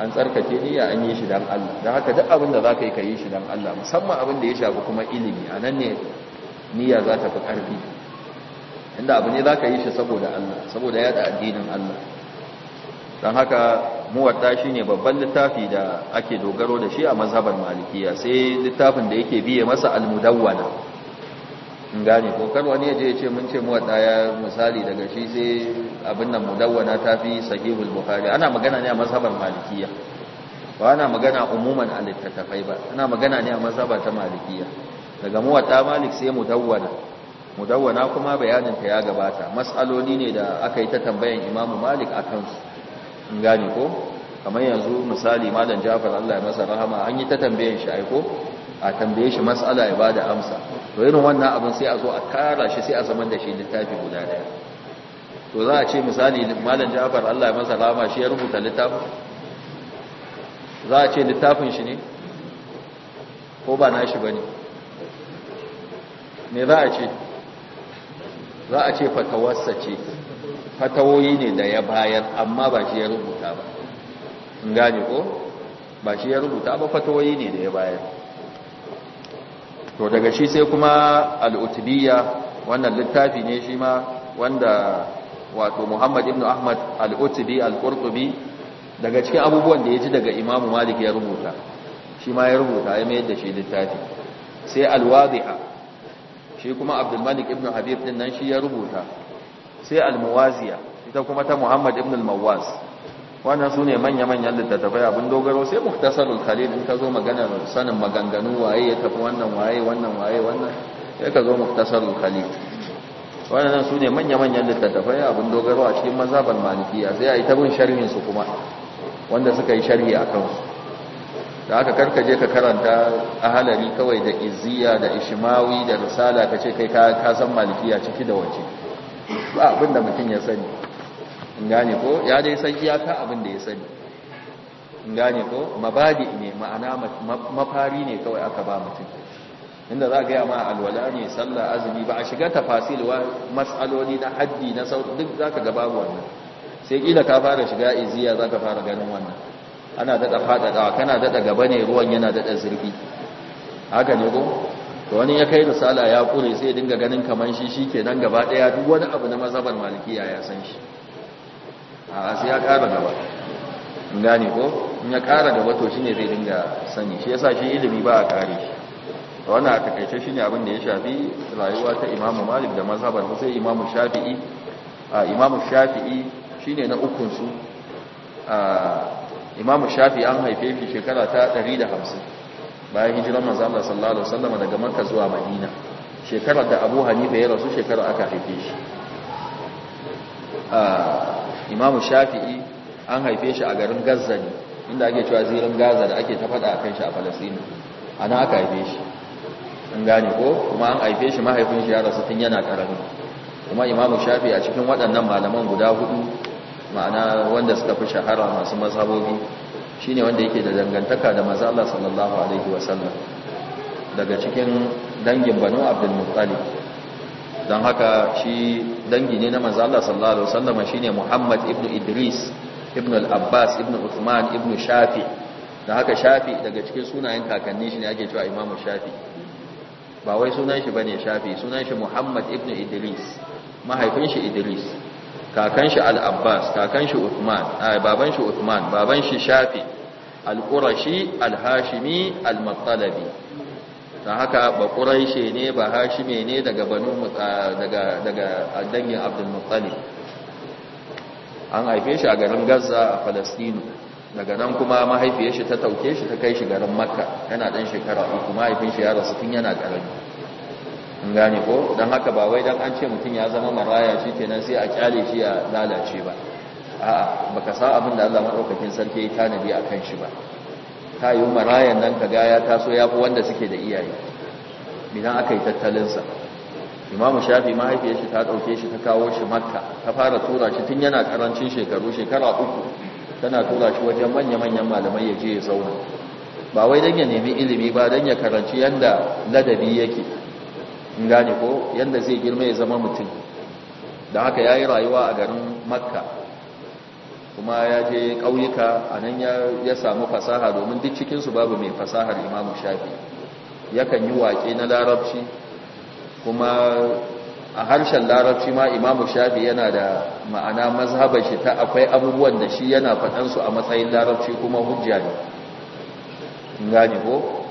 an tsarkake niyya an yi shi dan Allah dan haka duk abin da zaka yi ka yi shi dan Allah musamman abin da ya shafi kuma ilimi anan ne niyya za ta fi ƙarfi inda abu ne za ka yi shi saboda Allah saboda yada addinin Allah don haka muwatta shi ne babban littafi da ake dogaro da shi a mazhabar malikiya sai littafin da yake biye masa almudawwana in gane ko wani yaje ya ce mun ce muwatta ya misali daga shi sai abin nan mudawwana ta fi sahihul bukhari ana magana ne a mazhabar malikiya ba ana magana umuman a littattafai ba ana magana ne a mazhabar ta malikiya daga muwatta malik sai mudawwana mudawwana kuma bayanin ta ya gabata mas'aloli ne da aka yi ta tambayan Imam Malik akan kansu in gane ko kamar yanzu misali malam Jafar Allah ya masa rahama an yi ta tambayan shi aiko a tambaye shi mas'ala ya bada amsa to irin wannan abin sai a zo a kara shi sai a zaman da shi littafi guda daya to za a ce misali malam Jafar Allah ya masa rahama shi ya rubuta littafin za a ce littafin shi ne ko ba na shi ba me za a ce za a ce fatawarsa ce fatawoyi ne da ya bayar amma ba shi ya rubuta ba in gane ko ba shi ya rubuta ba fatawoyi ne da ya bayar to daga shi sai kuma al'utubiyya wannan littafi ne shi ma wanda wato muhammad ibn ahmad al'utubi al'urtubi daga cikin abubuwan da ya ji daga imamu malik ya rubuta shi ma ya rubuta ya mayar da shi littafi sai alwadi'a shi kuma abdulmalik ibn habib din nan shi ya rubuta sai almuwaziya ita kuma ta muhammad ibn almawaz wannan su ne manya-manyan littattafai abin dogaro sai muktasarul khalil in ka zo maganar sanin maganganu waye ya tafi wannan waye wannan waye wannan ya ka zo muktasarul khalil wannan su ne manya-manyan littattafai abin dogaro a cikin mazhabar malikiya sai a yi ta bin sharhin su kuma wanda suka yi sharhi a kansu da aka je ka karanta ahalari kawai da izziya da ishimawi da risala ka ce kai ka san malikiya ciki da waje ba abin da mutum ya sani in gane ko ya dai san iyaka abin da ya sani in gane ko mabadi ne ma'ana mafari ne kawai aka ba mutum inda za a gaya ma alwala ne sallah azumi ba a shiga tafasil wa na haddi na sauti duk za ka gaba wannan sai kila ka fara shiga iziya ka fara ganin wannan ana daɗa faɗaɗa kana daɗa gaba ne ruwan yana daɗa zurfi haka ne ko to wani ya kai misala ya ƙure sai dinga ganin kaman shi shi ke nan gaba ɗaya duk wani abu na mazabar malikiya ya san shi a sai ya ƙara gaba in gane ko in ya ƙara gaba to shine zai dinga sani shi yasa shi ilimi ba a ƙare shi wannan a takaice shine abin da ya shafi rayuwa ta imamu malik da mazhabar sai imamu shafi'i a imamu shafi'i shine na ukun su imam shafi an haife shi shekara ta 150 bayan hijirar manzo Allah sallallahu alaihi wasallam daga makka zuwa madina shekarar da abu hanifa ya rasu shekarar aka haife shi ah, imam shafi an haife shi a garin gaza ne inda ake cewa zirin gaza da ake ta fada a kan shi a falasini a nan aka haife shi an gane ko kuma an haife shi mahaifin shi ya rasu tun yana ƙarami kuma imam shafi a cikin waɗannan malaman guda hudu ma'ana wanda suka fi shahara masu mazhabobi shine wanda yake da dangantaka da manzo Allah sallallahu alaihi wasallam daga cikin dangin Banu Abdul Muttalib dan haka shi dangi ne na manzo Allah sallallahu alaihi wasallam shine Muhammad ibn Idris ibn al-Abbas ibn Uthman ibn Shafi dan haka Shafi daga cikin sunayen kakanni shi ne ake cewa Imam Shafi ba wai sunan shi bane Shafi sunan shi Muhammad ibn Idris mahaifin shi Idris kakan shi al-abbas kakan shi uthman baban shi uthman baban shi shafi al-qurashi al-hashimi al-mattalabi ta haka ba quraishi ne ba hashime ne daga banu daga daga dangin abdul muttalib an haife shi a garin gazza a palestine daga nan kuma mahaifiyar shi ta tauke shi ta kai shi garin makka yana dan shekara uku mahaifin shi ya rasu tun yana karami gane ko don haka ba wai don an ce mutum ya zama maraya shi kenan sai a kyale shi a lalace ba a'a baka sa abin da Allah madaukakin sarki ya tanadi akan shi ba ta yi marayan nan ka ga ya taso ya fi wanda suke da iyaye idan aka yi tattalinsa imamu shafi mahaifiyar shi ta ɗauke shi ta kawo shi makka ta fara tura shi tun yana ƙarancin shekaru shekara uku tana tura shi wajen manya-manyan malamai ya je ya zauna ba wai don ya nemi ilimi ba don ya karanci yadda ladabi yake in gane ko yadda zai girma ya zama mutum da haka ya yi rayuwa a garin makka kuma ya je ƙauyuka a nan ya samu fasaha domin duk cikinsu babu mai fasahar imamu shafi yakan yi waƙe na larabci kuma a harshen larabci ma imamu shafi yana da ma'ana mazhabar shi ta akwai abubuwan da shi yana faɗansu a matsayin larabci kuma hujja ne gani ko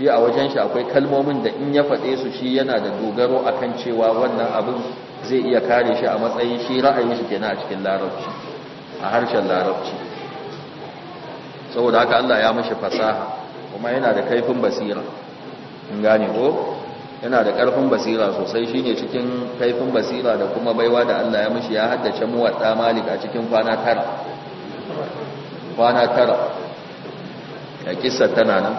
shi a wajen shi akwai kalmomin da in ya faɗe su shi yana da dogaro akan cewa wannan abin zai iya kare shi a matsayin shi ra'ayin shi kenan a cikin larabci a harshen larabci saboda haka Allah ya mashi fasaha kuma yana da kaifin basira in gane ko yana da karfin basira sosai shine cikin kaifin basira da kuma baiwa da Allah ya mashi ya haddace mu muwadda malik a cikin kwana tara kwana tara ya kissa tana nan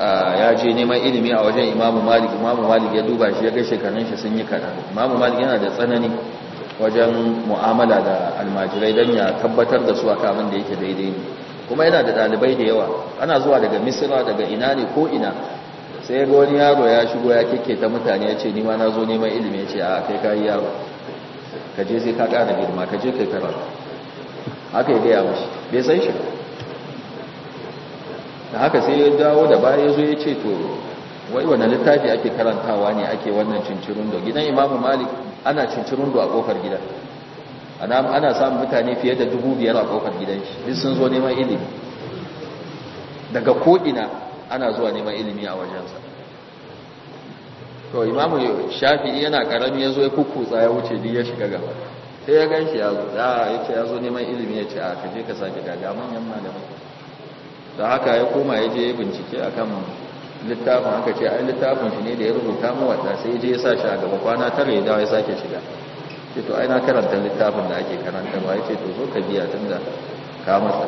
ya je neman ilimi a wajen imamu malik imamu malik ya duba shi ya ga shekarun shi sun yi kara imamu malik yana da tsanani wajen mu'amala da almajirai don ya tabbatar da su a kamun da yake daidai ne kuma yana da ɗalibai da yawa ana zuwa daga misira daga ina ne ko ina sai ga wani yaro ya shigo ya keke ta mutane ya ce ni ma na zo neman ilimi ya ce a kai kayi yaro ka sai ka kara girma ka kai karatu haka ya gaya mashi bai san shi da haka sai ya dawo da baya zo ya ce to wai wannan littafi ake karantawa ne ake wannan cincirundo gidan imamu malik ana cincirundo a kofar gidan ana samun mutane fiye da dubu biyar a kofar gidan shi duk sun zo neman ilimi daga ko'ina ana zuwa neman ilimi a wajensa to imamu shafi'i yana karami ya zo ya kukutsa ya wuce duk ya shiga gaba sai ya gan shi ya zo ya ce ya zo neman ilimi ya ce a kaje ka sake gaga manyan malamai da haka ya koma ya je ya bincike a kan littafin aka ce ai littafin shi ne da ya rubuta mawata sai ya je ya sa shi a gaba kwana tara ya dawo ya sake shiga ce to ai na karanta littafin da ake karanta ba ya ce to zo ka biya tun da kamata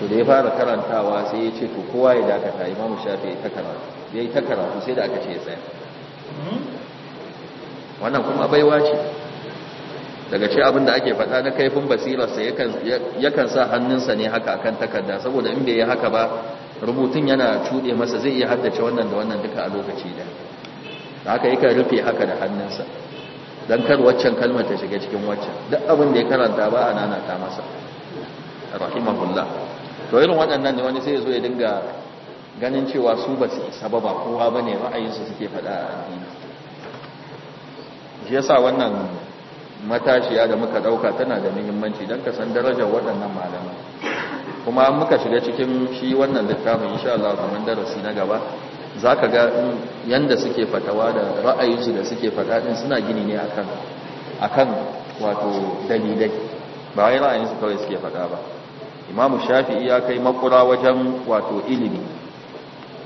to da ya fara karantawa sai ya ce to kowa ya dakata imamu shafi ya ta karatu ya yi ta karatu sai da aka ce ya tsaya hmm? wannan kuma baiwa ce daga ce abinda ake faɗa na kaifin basirarsa yakan sa hannunsa ne haka akan takarda saboda in ya yi haka ba rubutun yana cuɗe masa zai iya haddace wannan da wannan duka a lokaci da haka yakan rufe haka da hannunsa don kar waccan kalmar ta shiga cikin waccan duk abin ya karanta ba a nanata masa rahimahullah to irin waɗannan ne wani sai ya zo ya dinga ganin cewa su ba su isa ba kowa ba ne ra'ayinsu suke faɗa a addini shi yasa wannan matashiya da muka dauka tana da muhimmanci don ka san darajar waɗannan malamai kuma muka shiga cikin shi wannan littafin insha Allah kamar darasi na gaba zaka ga yanda suke fatawa da ra'ayinsu da suke fada din suna gini ne akan akan wato dalilai ba wai ra'ayinsu kawai suke fata ba Imam Shafi'i ya kai makura wajen wato ilimi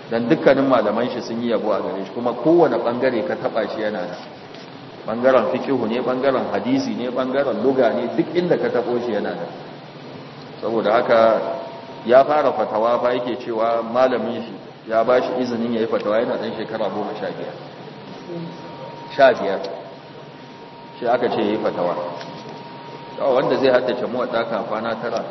dan dukkanin malaman shi sun yi yabo a gare shi kuma kowane bangare ka taba shi yana da bangaren fikihu ne bangaren hadisi ne bangaren luga ne duk inda ka taɓo shi yana da saboda haka ya fara fatawa ba yake cewa malamin shi ya ba shi izinin ya yi fatawa yana ɗan shekara goma sha biyar sha biyar shi aka ce ya yi fatawa wanda zai haddace muwaɗa kafana tara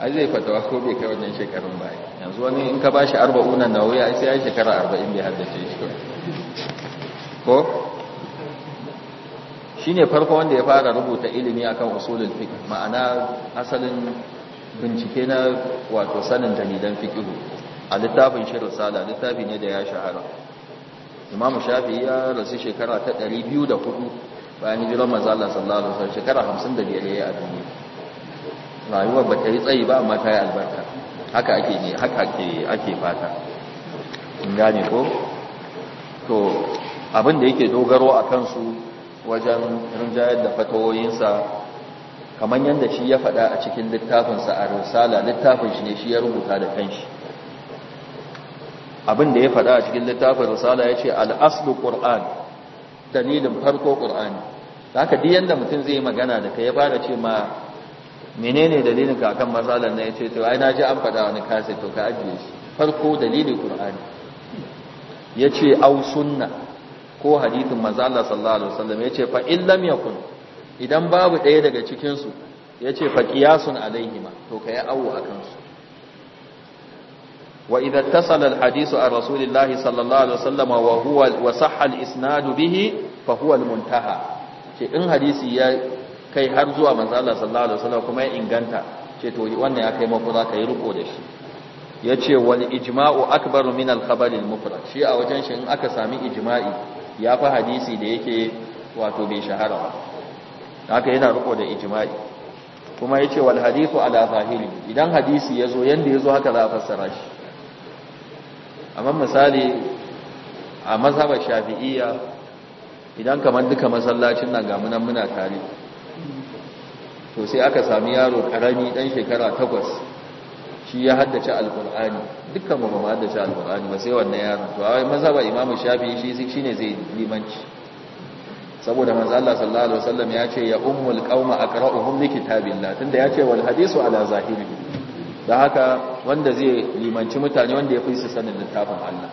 ai zai fatawa ko bai kai wannan shekarun baya yanzu wani in ka ba shi arba'unan wuya sai yi shekara arba'in bai haddace shi ko Shi ne farko wanda ya fara rubuta ilimi akan usulun fiƙi ma'ana asalin bincike na wato sanin dalilan fiqh a littafin shi risala littafi ne da ya shahara Imam Shafi'i ya rasu shekara ta 204 bayan jiran manzo Allah sallallahu alaihi wasallam shekara 55 ya a duniya rayuwar ba ta yi tsayi ba amma ta yi albarka haka ake ne haka ake ake fata in gane ko to abin da yake dogaro a kansu wajen rinjayar da fatawoyinsa kamar yadda shi ya faɗa a cikin littafinsa a risala littafin shi ne shi ya rubuta da kanshi abin da ya fada a cikin littafin risala ya ce al'aslu ƙur'an dalilin farko ƙur'ani ta haka duk yadda mutum zai magana da ka ya bada ce ma Mene ne dalilin ka kan matsalar na ya ce to ai na ji an faɗa wani kasa to ka ajiye shi farko dalilin Kur'ani, ya ce au sunna ko hadithin manzo Allah sallallahu alaihi wasallam yace fa in lam yakun idan babu ɗaya daga cikin su yace fa qiyasun alaihima to kai awu akan su wa idza ittasala alhadithu an rasulillahi sallallahu alaihi wasallam wa huwa wa sahha alisnadu bihi fa huwa almuntaha ce in hadisi ya kai har zuwa manzo Allah sallallahu alaihi wasallam kuma ya inganta ce to wannan ya kai mafuza kai riko da shi yace wal ijma'u akbaru min al-khabar al-mufrad shi a wajen shi in aka sami ijma'i ya fi hadisi da yake wato bai shahara ba haka yana riko da ijma'i kuma yace wal hadithu ala zahiri idan hadisi yazo yanda yazo haka za a fassara shi amma misali a mazhabar shafi'iyya idan kamar duka masallacin nan ga muna tare to sai aka sami yaro karami dan shekara takwas shi ya haddace alkur'ani dukkan mu ba haddace al alkur'ani ba sai wannan yaron to ai mazhaba imamu shafi shi shine zai limanci saboda manzo Allah sallallahu alaihi wasallam ya ce ya ummul qauma aqra'uhum li kitabillah tunda ya ce wal hadisu ala zahiri dan haka wanda zai limanci mutane wanda ya fi su sanin littafin Allah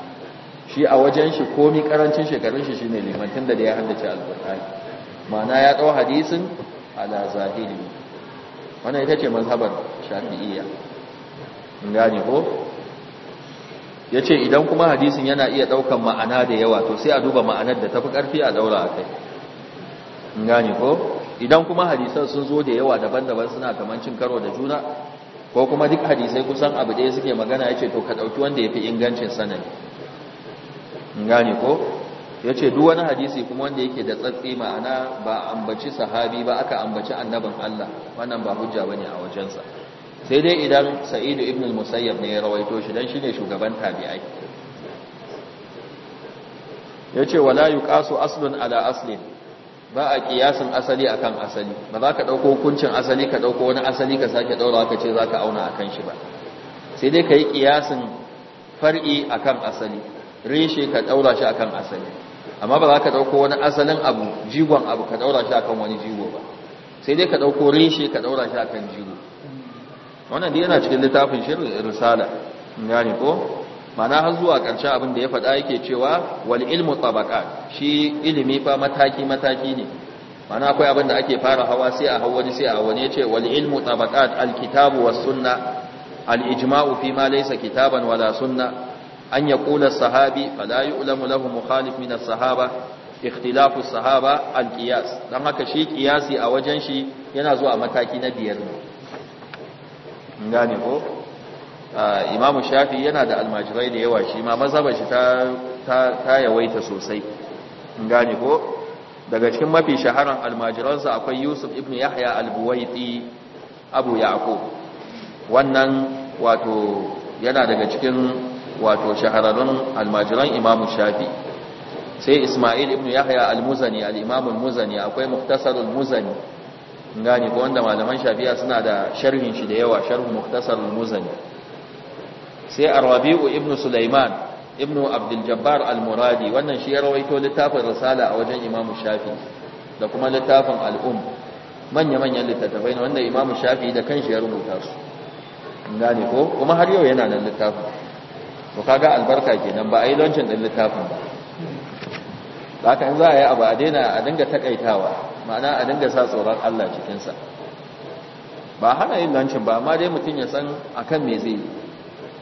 shi a wajen shi komi karancin shekarun shi shine liman tunda da ya haddace alkur'ani ma'ana ya dau hadisin ala zahiri wannan ita ce mazhabar shafi'iyya gane ko ya ce idan kuma hadisin yana iya ɗaukan ma'ana da yawa to sai a duba ma'anar da tafi ƙarfi a daura a kai gane ko idan kuma hadisan sun zo da yawa daban-daban suna kamancin karo da juna ko kuma duk hadisai kusan abu ɗaya suke magana ya ce to ka ɗauki wanda ya fi ingancin sanani gane ko ya ce duk wani hadisi kuma wanda yake da tsatsi ma'ana ba ambaci sahabi ba aka ambaci annabin Allah wannan ba hujja bane a wajensa sai dai idan sa'idu ibn musayyab ne ya rawaito shi dan shine shugaban tabi'ai yace wala yuqasu aslun ala aslin ba a kiyasin asali akan asali ba za ka dauko hukuncin asali ka dauko wani asali ka sake daura ka ce za ka auna akan shi ba sai dai kai kiyasin far'i akan asali reshe ka daura shi akan asali amma ba za ka dauko wani asalin abu jigon abu ka daura shi akan wani jigo ba sai dai ka dauko reshe ka daura shi akan jigo wannan da yana cikin littafin shirin risala yani ko mana har zuwa ƙarshe abin da ya faɗa yake cewa wal ilmu shi ilimi fa mataki mataki ne mana akwai abin da ake fara hawa sai a hawa sai a wani yace wal ilmu tabaqat al kitabu sunna al ijma'u fi ma laisa kitaban wala sunna an yaqula sahabi fala yu'lamu lahu mukhalif min sahaba ikhtilafu sahaba al dan haka shi kiyasi a wajen shi yana zuwa mataki na biyar ne gane ko imamu shafi yana da almajirai da yawa shi ma mazhabar shi ta yawaita sosai gane ko daga cikin mafi shaharan almajiransa akwai yusuf ibn yahya albuwaiti abu yaqub wannan wato yana daga cikin wato shahararrun almajiran imamu shafi sai ismail ibn yahya almuzani al'imamun muzani akwai muktasarul muzani gane ko wanda malaman shafiya suna da sharhin shi da yawa sharh muhtasar al-muzani sai arwabi'u ibn sulaiman ibn abdul jabbar al-muradi wannan shi ya rawaito littafin risala a wajen imam shafi da kuma littafin al-um manya manyan littattafai wanda imam shafi da kanshi ya rubuta su gane ko kuma har yau yana nan littafin to kaga albarka kenan ba a yi lancin din littafin ba haka in za a yi abu a daina a dinga takaitawa ma'ana a dinga sa tsoron Allah cikinsa ba hana yin lancin ba amma dai mutum ya san akan me zai yi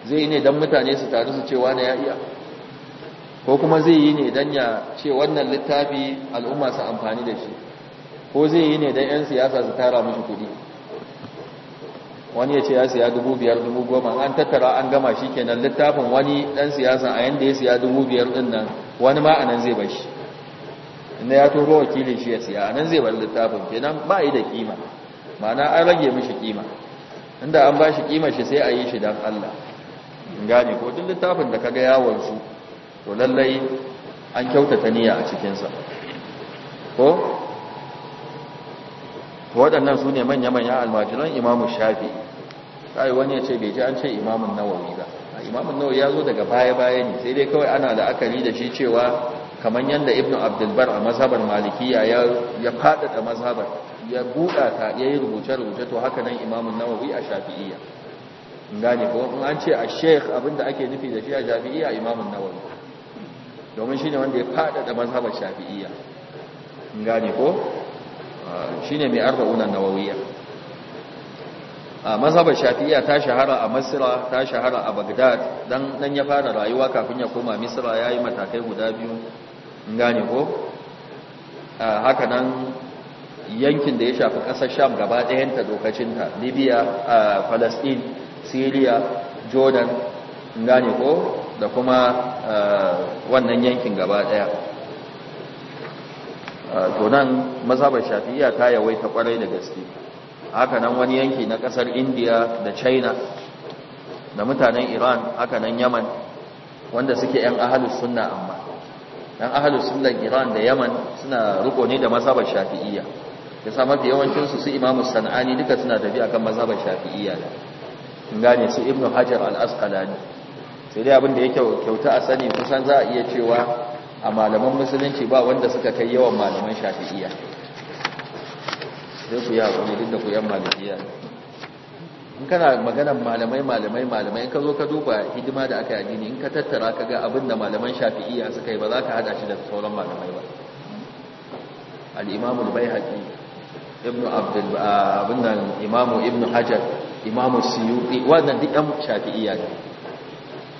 zai yi ne don mutane su taru su ce wani ya iya ko kuma zai yi ne don ya ce wannan littafi al'umma su amfani da shi ko zai yi ne don 'yan siyasa su tara mashi kudi wani ya ce ya siya dubu biyar dubu goma an tattara an gama shi kenan littafin wani ɗan siyasa a yanda ya siya dubu biyar ɗin nan wani ma a nan zai bashi inda ya turo wakilin shi ya siya a nan zai bar littafin kenan ba yi da kima mana an rage mishi kima inda an ba shi kima shi sai a yi shi don Allah gane ko duk littafin da kaga yawon wanzu to lallai an kyautata niyya a cikinsa ko waɗannan su ne manya-manya almajiran imamu shafi sai wani ya ce bai ji an ce imamun nawawi ba imamun nawawi ya zo daga baya-baya ne sai dai kawai ana la'akari da shi cewa kamar yadda ibn abdulbar a mazhabar malikiya ya faɗaɗa mazhabar ya buɗa ta ya yi rubuce-rubuce to haka nan imamun nawawi a shafi'iyya gane ko in an ce a sheikh abinda ake nufi da shi a shafi'iyya imamun nawawi domin shi ne wanda ya faɗaɗa mazhabar shafi'iyya gane ko ah, shi ne mai arba'unan nawawiyya a ah, mazhabar shafi'iyya ta shahara a masira ta shahara a bagdad dan ya fara rayuwa kafin ya koma misira ya yi matakai guda biyu gane ko haka nan yankin da ya shafi ƙasar sham gaba ɗayanta lokacinta libya palestine syria jordan gane ko da kuma wannan yankin gaba ɗaya to nan mazhabar shafiya ta yawaita kwarai da gaske haka nan wani yanki na ƙasar india da china da mutanen iran haka nan yaman wanda suke 'yan ahalus sunna amma dan ahlus sunnah Iran da Yaman suna riko ne da mazhabar Shafi'iyya yasa mafi yawancin su su imamu Sanani duka suna tafi akan mazhabar Shafi'iyya kun gane su Ibn Hajar al-Asqalani sai dai abin da yake kyauta a sani kusan za a iya cewa a malaman musulunci ba wanda suka kai yawan malaman Shafi'iyya sai ku yi hakuri duk da ku yan malikiyya in kana maganan malamai malamai malamai in ka zo ka duba hidima da aka yi addini in ka tattara ka ga abin da malaman shafi'iyya suka yi ba za ka hada shi da sauran malamai ba al-imam al ibnu abdul ah, abin nan imamu ibnu hajar imamu suyuti wannan duk ɗan shafi'iyya ne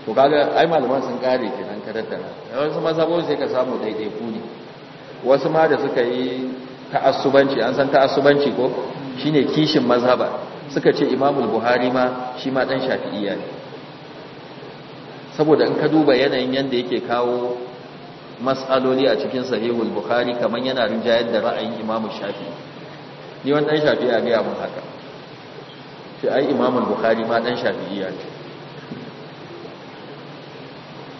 to kaga ai malaman sun kare kenan ka tattara wasu mazhabon sai ka samu daidai ku ne wasu ma da suka yi ta'assubanci an san ta'assubanci ko shine kishin mazhaba suka ce imamul buhari ma shi ma ɗan shafi'iyya ne saboda in ka duba yanayin yadda yake kawo matsaloli a cikin sahihul buhari kamar yana rinjayar da ra'ayin imamul shafi'i ni wani ɗan shafi'iyya gaya mun haka shi ai imamul buhari ma ɗan shafi'iyya ne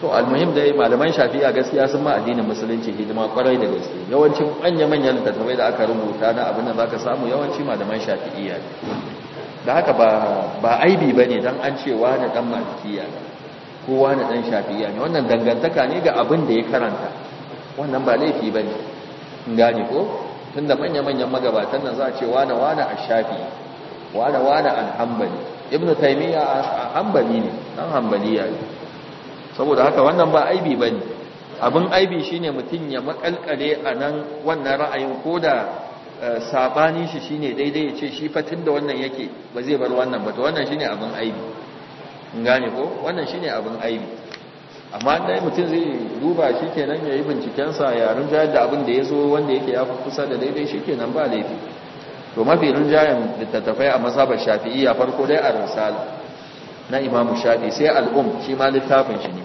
to almuhim dai malaman shafi'a gaskiya sun ma addinin musulunci hidima kwarai da gaske yawancin manya-manyan littattafai da aka rubuta na abin da zaka samu yawanci malaman shafi'iyya ne da haka ba aibi ba ne don an ce da ɗan malikiya ko wani ɗan shafiya ne wannan dangantaka ne ga abin da ya karanta wannan ba laifi ba ne gane ko tun da manya-manyan magabatan nan za a ce wani wani a shafi wani wani a hambali ibn taimiyya a hambali ne ɗan hambaliya ne saboda haka wannan ba aibi ba ne abin aibi shine mutum ya makalkale a nan wannan ra'ayin ko da Eh, sabanin shi shine daidai ya ce shi fatin da wannan yake ba zai bar wannan ba to wannan shine abin aibi in gane ko wannan shine abin aibi amma dai mutum zai duba shi kenan ya yi bincikensa ya rinja da abin da ya zo wanda yake ya kusa da daidai shi kenan ba laifi to mafi rinjayen littattafai a masabar shafi'i ya farko dai a risala na Imam Shafi'i sai al'um shi ma littafin shi ne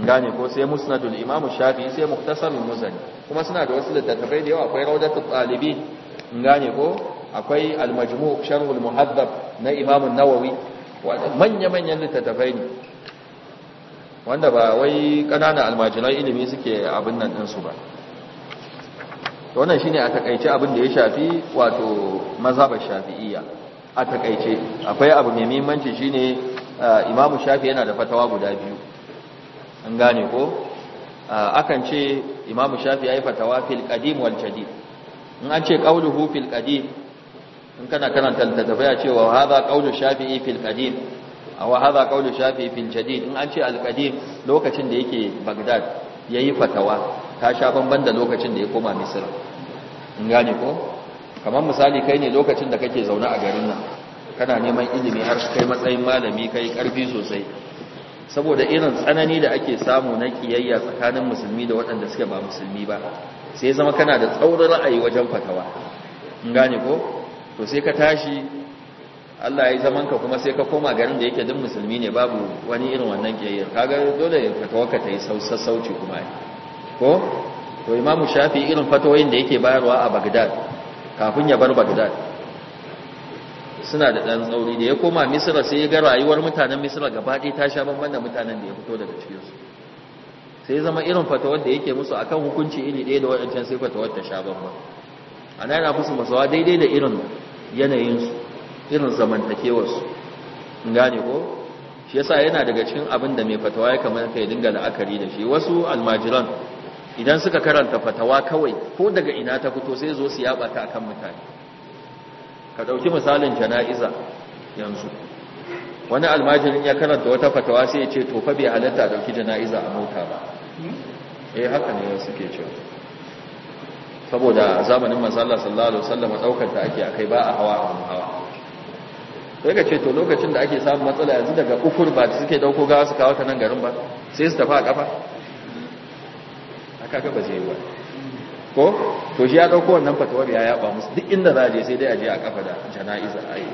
gane ko sai musnadul imamu shafi sai muktasarul muzani kuma suna da wasu littattafai da yawa akwai raudatu talibi gane ko akwai almajmu sharhul muhaddab na imamu nawawi manya manyan littattafai ne wanda ba wai kananan almajiran ilimi suke abin nan din su ba wannan shine a takaice abin da ya shafi wato mazhabar shafi'iyya a takaice akwai abu mai muhimmanci shine eh, imamu shafi yana da fatawa guda biyu an gane ko akan ce imamu shafi ya yi fatawa fil qadim wal jadid in an ce qauluhu fil qadim in kana karanta littattafai ce cewa hadha qaulu shafi fil a aw hadha qaulu shafi fil jadid in an ce al lokacin da yake bagdad yayi fatawa ta sha bamban da lokacin da ya koma misra in gane ko kamar misali kai ne lokacin da kake zaune a garin nan kana neman ilimi har kai matsayin malami kai karfi sosai saboda irin tsanani da ake samu na kiyayya tsakanin musulmi da waɗanda suke ba musulmi ba sai zama kana da tsaurin ra'ayi wajen fatawa in gane ko to sai ka tashi Allah ya yi zaman ka kuma sai ka koma garin da yake duk musulmi ne babu wani irin wannan kiyayyar kaga dole fatawa ka ta yi sassauci kuma ko to imamu shafi irin fatawoyin da yake bayarwa a Bagdad kafin ya bar Bagdad. suna da ɗan tsauri da ya koma misira sai ya ga rayuwar mutanen misira gaba ta sha banban da mutanen da ya fito daga cikinsu sai zama irin fatawar da yake musu akan hukunci iri ɗaya da waɗancan sai fatawar ta sha bamban a na yana fusu masawa daidai da irin yanayinsu irin zamantakewarsu gane ko shi yasa yana daga cikin abin da mai fatawa ya ka ya dinga la'akari da shi wasu almajiran idan suka karanta fatawa kawai ko daga ina ta fito sai zo su yaba ta akan mutane ka ɗauki misalin jana'iza yanzu wani almajirin ya karanta wata fatawa sai ya ce to fa bai halatta ɗauki jana'iza a mota ba eh haka ne suke cewa saboda zamanin manzala sallallahu alaihi wasallam daukar da ake akai ba a hawa a hawa sai ka ce to lokacin da ake samun matsala yanzu daga ukur ba suke dauko gawa su kawo ta nan garin ba sai su tafi a kafa haka ka ba zai yi ba ko to shi ya dauko wannan fatawar ya yaba musu duk inda za je sai dai a je a kafa da jana'iza ai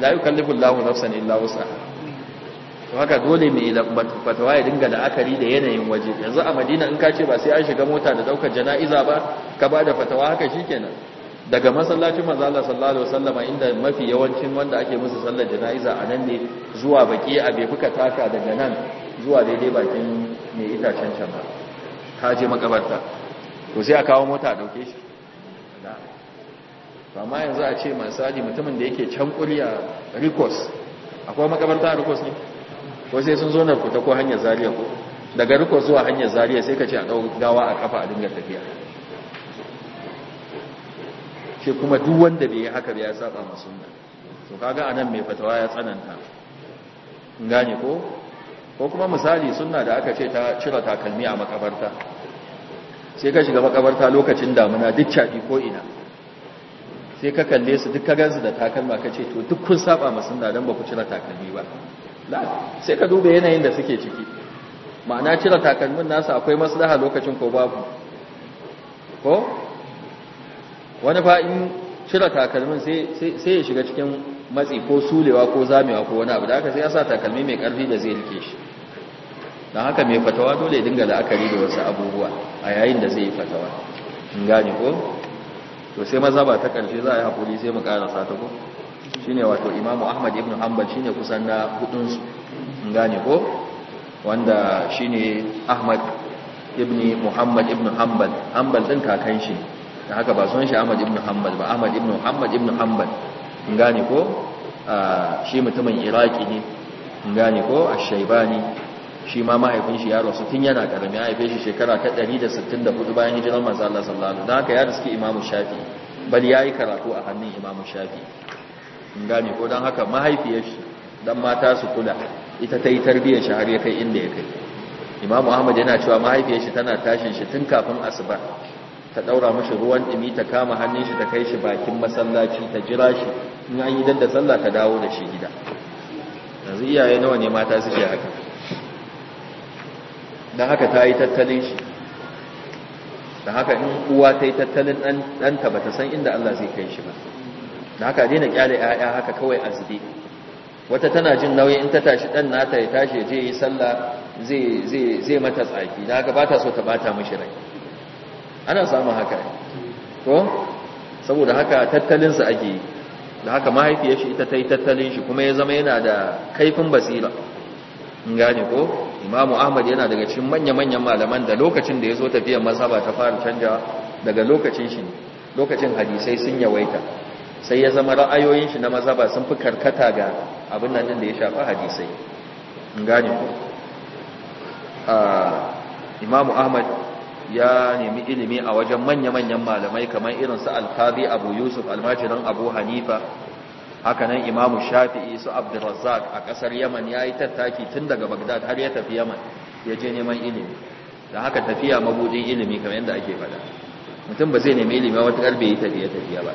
la yukallifu Allahu nafsan illa wus'aha to haka dole mai fatawa ya dinga akari da yanayin waje yanzu a Madina in ka ce ba sai an shiga mota da daukar jana'iza ba ka ba da fatawa haka shikenan daga masallacin manzo Allah sallallahu alaihi wasallama inda mafi yawancin wanda ake musu sallar jana'iza a nan ne zuwa baki a bai fuka taka daga nan zuwa daidai bakin mai itacen can ba ka je makabarta ko sai a kawo mota a dauke shi amma yanzu a ce masaji mutumin da yake can kuriya rikos akwai makabarta rikos ne ko sai sun zo na kuta ko hanyar zariya ko daga rikos zuwa hanyar zariya sai ka ce a dau gawa a kafa a dinga tafiya ce kuma duk wanda bai yi haka bai ya saba ma sunna to kaga anan mai fatawa ya tsananta gane ko ko kuma misali sunna da aka ce ta cire takalmi a makabarta sai ka shiga makabarta lokacin damuna duk caɓi ko ina sai ka kalle su duk ka gansu da takalma ka ce to duk kun saba masu sunna ba ku cire takalmi ba sai ka duba yanayin da suke ciki ma'ana cire takalmin nasu akwai maslaha lokacin ko babu ko wani fa'in cire takalmin sai ya shiga cikin matsi ko sulewa ko zamewa ko wani abu da haka sai ya sa takalmi mai karfi da zai rike shi don haka mai fatawa dole dinga la'akari da wasu abubuwa a yayin da zai yi fatawa in gani ko to sai maza ba ta ƙarshe za a yi haƙuri sai mu ƙarasa ta ko shi ne wato imamu ahmad ibn hanbal shi ne kusan na hudunsu in gani ko wanda shi ne ahmad ibn muhammad ibn hanbal hanbal ɗin kakan shi da haka ba sun shi ahmad ibn hanbal ba ahmad ibn muhammad ibn hanbal in gani ko ah, shi mutumin iraki ne in gani ko ne. shi ma mahaifin shi yaro rasu tun yana karami haife shi shekara ta 164 bayan hijiran manzo Allah sallallahu alaihi wasallam haka ya riski imamu shafi bal yayi karatu a hannun imamu shafi in gane ko dan haka mahaifiyar shi dan mata su kula ita ta yi tarbiyyar shi har ya kai inda ya kai imamu ahmad yana cewa mahaifiyar shi tana tashin shi tun kafin asuba ta daura mishi ruwan dumi ta kama hannun shi ta kai shi bakin masallaci ta jira shi in an yi dadda sallah ta dawo da shi gida yanzu iyaye nawa ne mata suke haka don haka ta yi tattalin shi don haka in uwa ta yi tattalin ɗanta ba ta san inda Allah zai kai shi ba don haka daina kyale 'ya'ya haka kawai a zube wata tana jin nauyi in ta tashi ɗan nata ya tashi je yi sallah zai mata tsaki don haka ba ta so ta bata mishi rai ana samun haka ko saboda haka tattalinsa ake yi da haka mahaifiyar shi ita ta yi tattalin shi kuma ya zama yana da kaifin basira in gane ko imamu ahmad yana daga cikin manya-manyan malaman da lokacin da ya zo tafiyar mazhaba ta fara canja daga lokacin shi lokacin hadisai sun yawaita sai ya zama ra'ayoyin shi na mazhaba sun fi karkata ga abin nan din da ya shafa hadisai in gane ku ah, imamu ahmad ya nemi ilimi a wajen manya-manyan malamai kamar irin su alkazi abu yusuf almajiran abu hanifa hakanan imamu shafi'i su abdurrazzak a ƙasar yaman ya yi tattaki tun daga bagdad har ya tafi yaman ya je neman ilimi da haka tafiya mabudin ilimi kamar yadda ake faɗa mutum ba zai nemi ilimi wata ƙarfe ya tafiya ba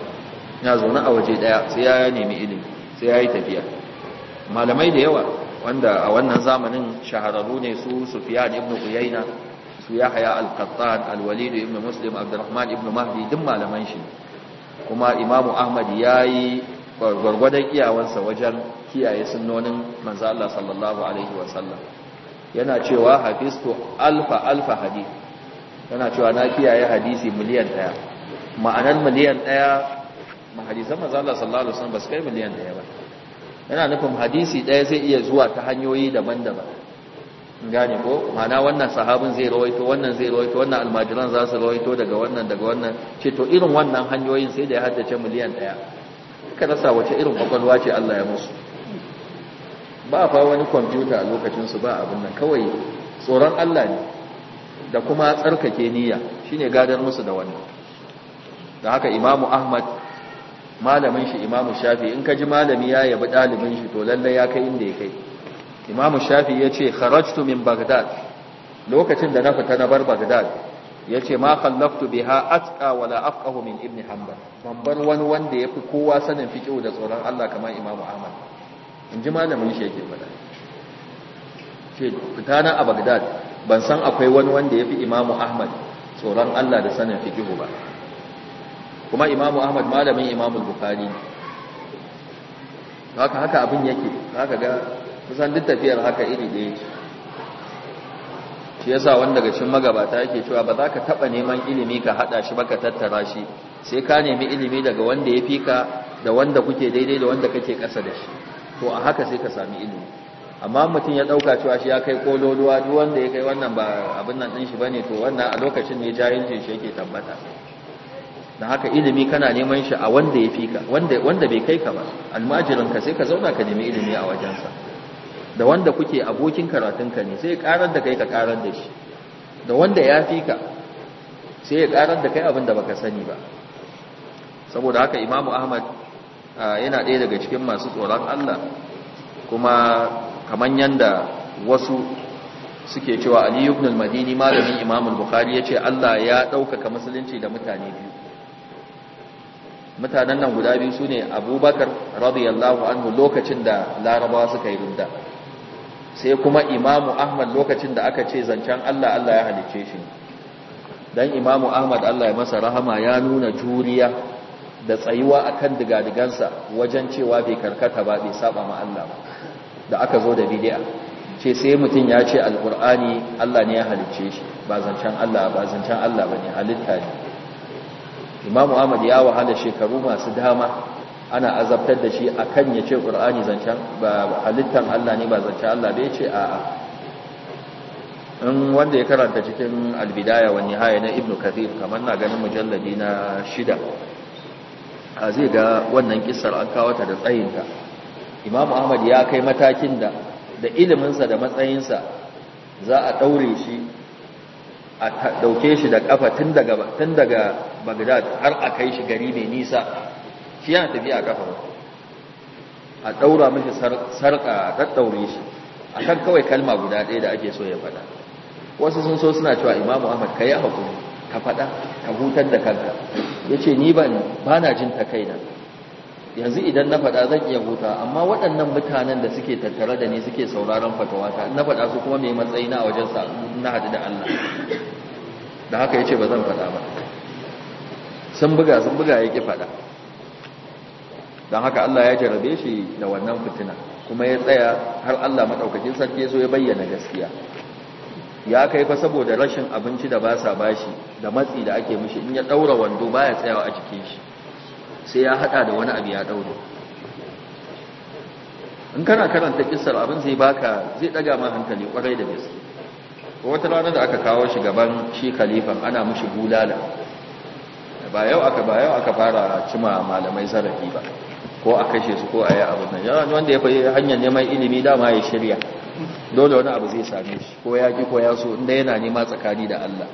ya zaune a waje ɗaya sai ya nemi ilimi sai ya yi tafiya malamai da yawa wanda a wannan zamanin shahararru ne su sufiyan ibn uyaina su yahya al-qattan al-walid ibn muslim abdurrahman ibn mahdi duk malaman shi kuma imamu ahmad yayi gwargwadon iyawansa wajen kiyaye sunonin manzo Allah sallallahu alaihi wasallam yana cewa hafiztu alfa alfa hadith yana cewa na kiyaye hadisi miliyan daya ma'anan miliyan daya ma hadisan manzo Allah sallallahu alaihi wasallam ba su kai miliyan daya ba yana nufin hadisi daya zai iya zuwa ta hanyoyi daban-daban gane ko ma'ana wannan sahabin zai rawaito wannan zai rawaito wannan almajiran za su rawaito daga wannan daga wannan ce to irin wannan hanyoyin sai da ya haddace miliyan daya ka rasa wace irin kwakwalwa ce Allah ya musu ba fa wani kwamfuta a lokacinsu ba abin nan kawai tsoron Allah ne da kuma tsarkake niyya Shi ne gadar musu da wani. da haka imamu ahmad malamin shi imamu shafi in ka ji malami ya yabi ɗalibin shi to lallai ya kai inda ya kai imamu shafi ya ce kharajtu min bagdad lokacin da na fita na bar bagdad yace ma bi ha atqa wala afqahu min ibn hanbal ban bar wani wanda yafi kowa sanin fiqh da tsoron Allah kamar imam ahmad In ji malamin shi yake faɗa ce fita na a bagdad ban san akwai wani wanda yafi imam ahmad tsoron Allah da sanin fiqh ba kuma imam ahmad malamin imam bukhari haka haka abin yake haka ga kusan duk tafiyar haka iri da yake shi yasa wanda daga cikin magabata yake cewa ba za ka taba neman ilimi ka haɗa shi ba ka tattara shi sai ka nemi ilimi daga wanda ya fi ka da wanda kuke daidai da wanda kake ƙasa da shi to a haka sai ka sami ilimi amma mutum ya ɗauka cewa shi ya kai kololuwa duk wanda ya kai wannan ba abin nan din shi bane to wannan a lokacin ne jahilcin shi yake tabbata dan haka ilimi kana neman shi a wanda ya ka wanda wanda bai kai ka ba almajirin ka sai ka zauna ka nemi ilimi a wajensa da wanda kuke abokin karatunka ne sai karar da kai ka karar da shi da wanda ya fi ka sai ya karar da kai abinda da ka sani ba saboda haka imamu ahmad yana ɗaya daga cikin masu tsoron allah kuma kamar yadda wasu suke cewa aliyu ibn al-madini malamin imamu bukhari ya ce allah ya ɗaukaka musulunci da mutane biyu mutanen nan guda biyu sune abubakar radiyallahu anhu lokacin da larabawa suka yi rudda sai kuma imamu ahmad lokacin da aka ce zancen allah allah ya halice shi dan imamu ahmad allah ya masa rahama ya nuna juriya da tsayuwa akan digadigansa wajen cewa bai karkata ba bai saba ma allah ba da aka zo da bid'a ce sai mutum ya ce alkur'ani allah ne ya halicce shi ba zancen allah ba zancen allah ba halitta ne imamu ahmad ya wahala shekaru masu dama ana azabtar da shi a kan ya ce ƙur'ani zancen. ba halittar Allah ne ba zancen Allah bai ce? a'a in wanda ya karanta cikin albidaya wani haya na Ibn kathir kamar na ganin mujalladi na shida a zai ga wannan kisar an kawo ta da tsayinta imam ahmad ya kai matakin da da iliminsa da matsayinsa za a ɗaure shi a ɗauke shi da kafa tun daga bagdad har a kai shi gari mai nisa shi yana tafiya a kafa a ɗaura mishi sarka a daddaure shi akan kawai kalma guda ɗaya da ake so ya faɗa wasu sun so suna cewa imamu ahmad ka yi hakuri ka faɗa ka hutar da kanka Ya ce ni ban bana jin ta kaina yanzu idan na faɗa zan iya huta amma waɗannan mutanen da suke tattare da ni suke sauraron fatawata na faɗa su kuma mai matsayi na wajen sa na hadu da Allah da haka yace ba zan faɗa ba sun buga sun buga yake faɗa don haka Allah ya jarabe shi da wannan fitina kuma ya tsaya har Allah maɗaukacin sarki so ya bayyana gaskiya ya kai fa saboda rashin abinci da ba sa bashi da matsi da ake mishi in ya ɗaura wando ba ya tsayawa a cikin shi sai ya haɗa da wani abu ya daure in kana karanta kisar abin zai baka zai ɗaga ma hankali kwarai da gaske wata rana da aka kawo shi gaban shi khalifan ana mishi bulala ba yau aka ba yau aka fara cima malamai zarafi ba ko a kashe su ko a yi abu nan wanda ya fi hanyar neman ilimi dama ya shirya dole wani abu zai same shi ko ya ki ko ya so inda yana nema tsakani da Allah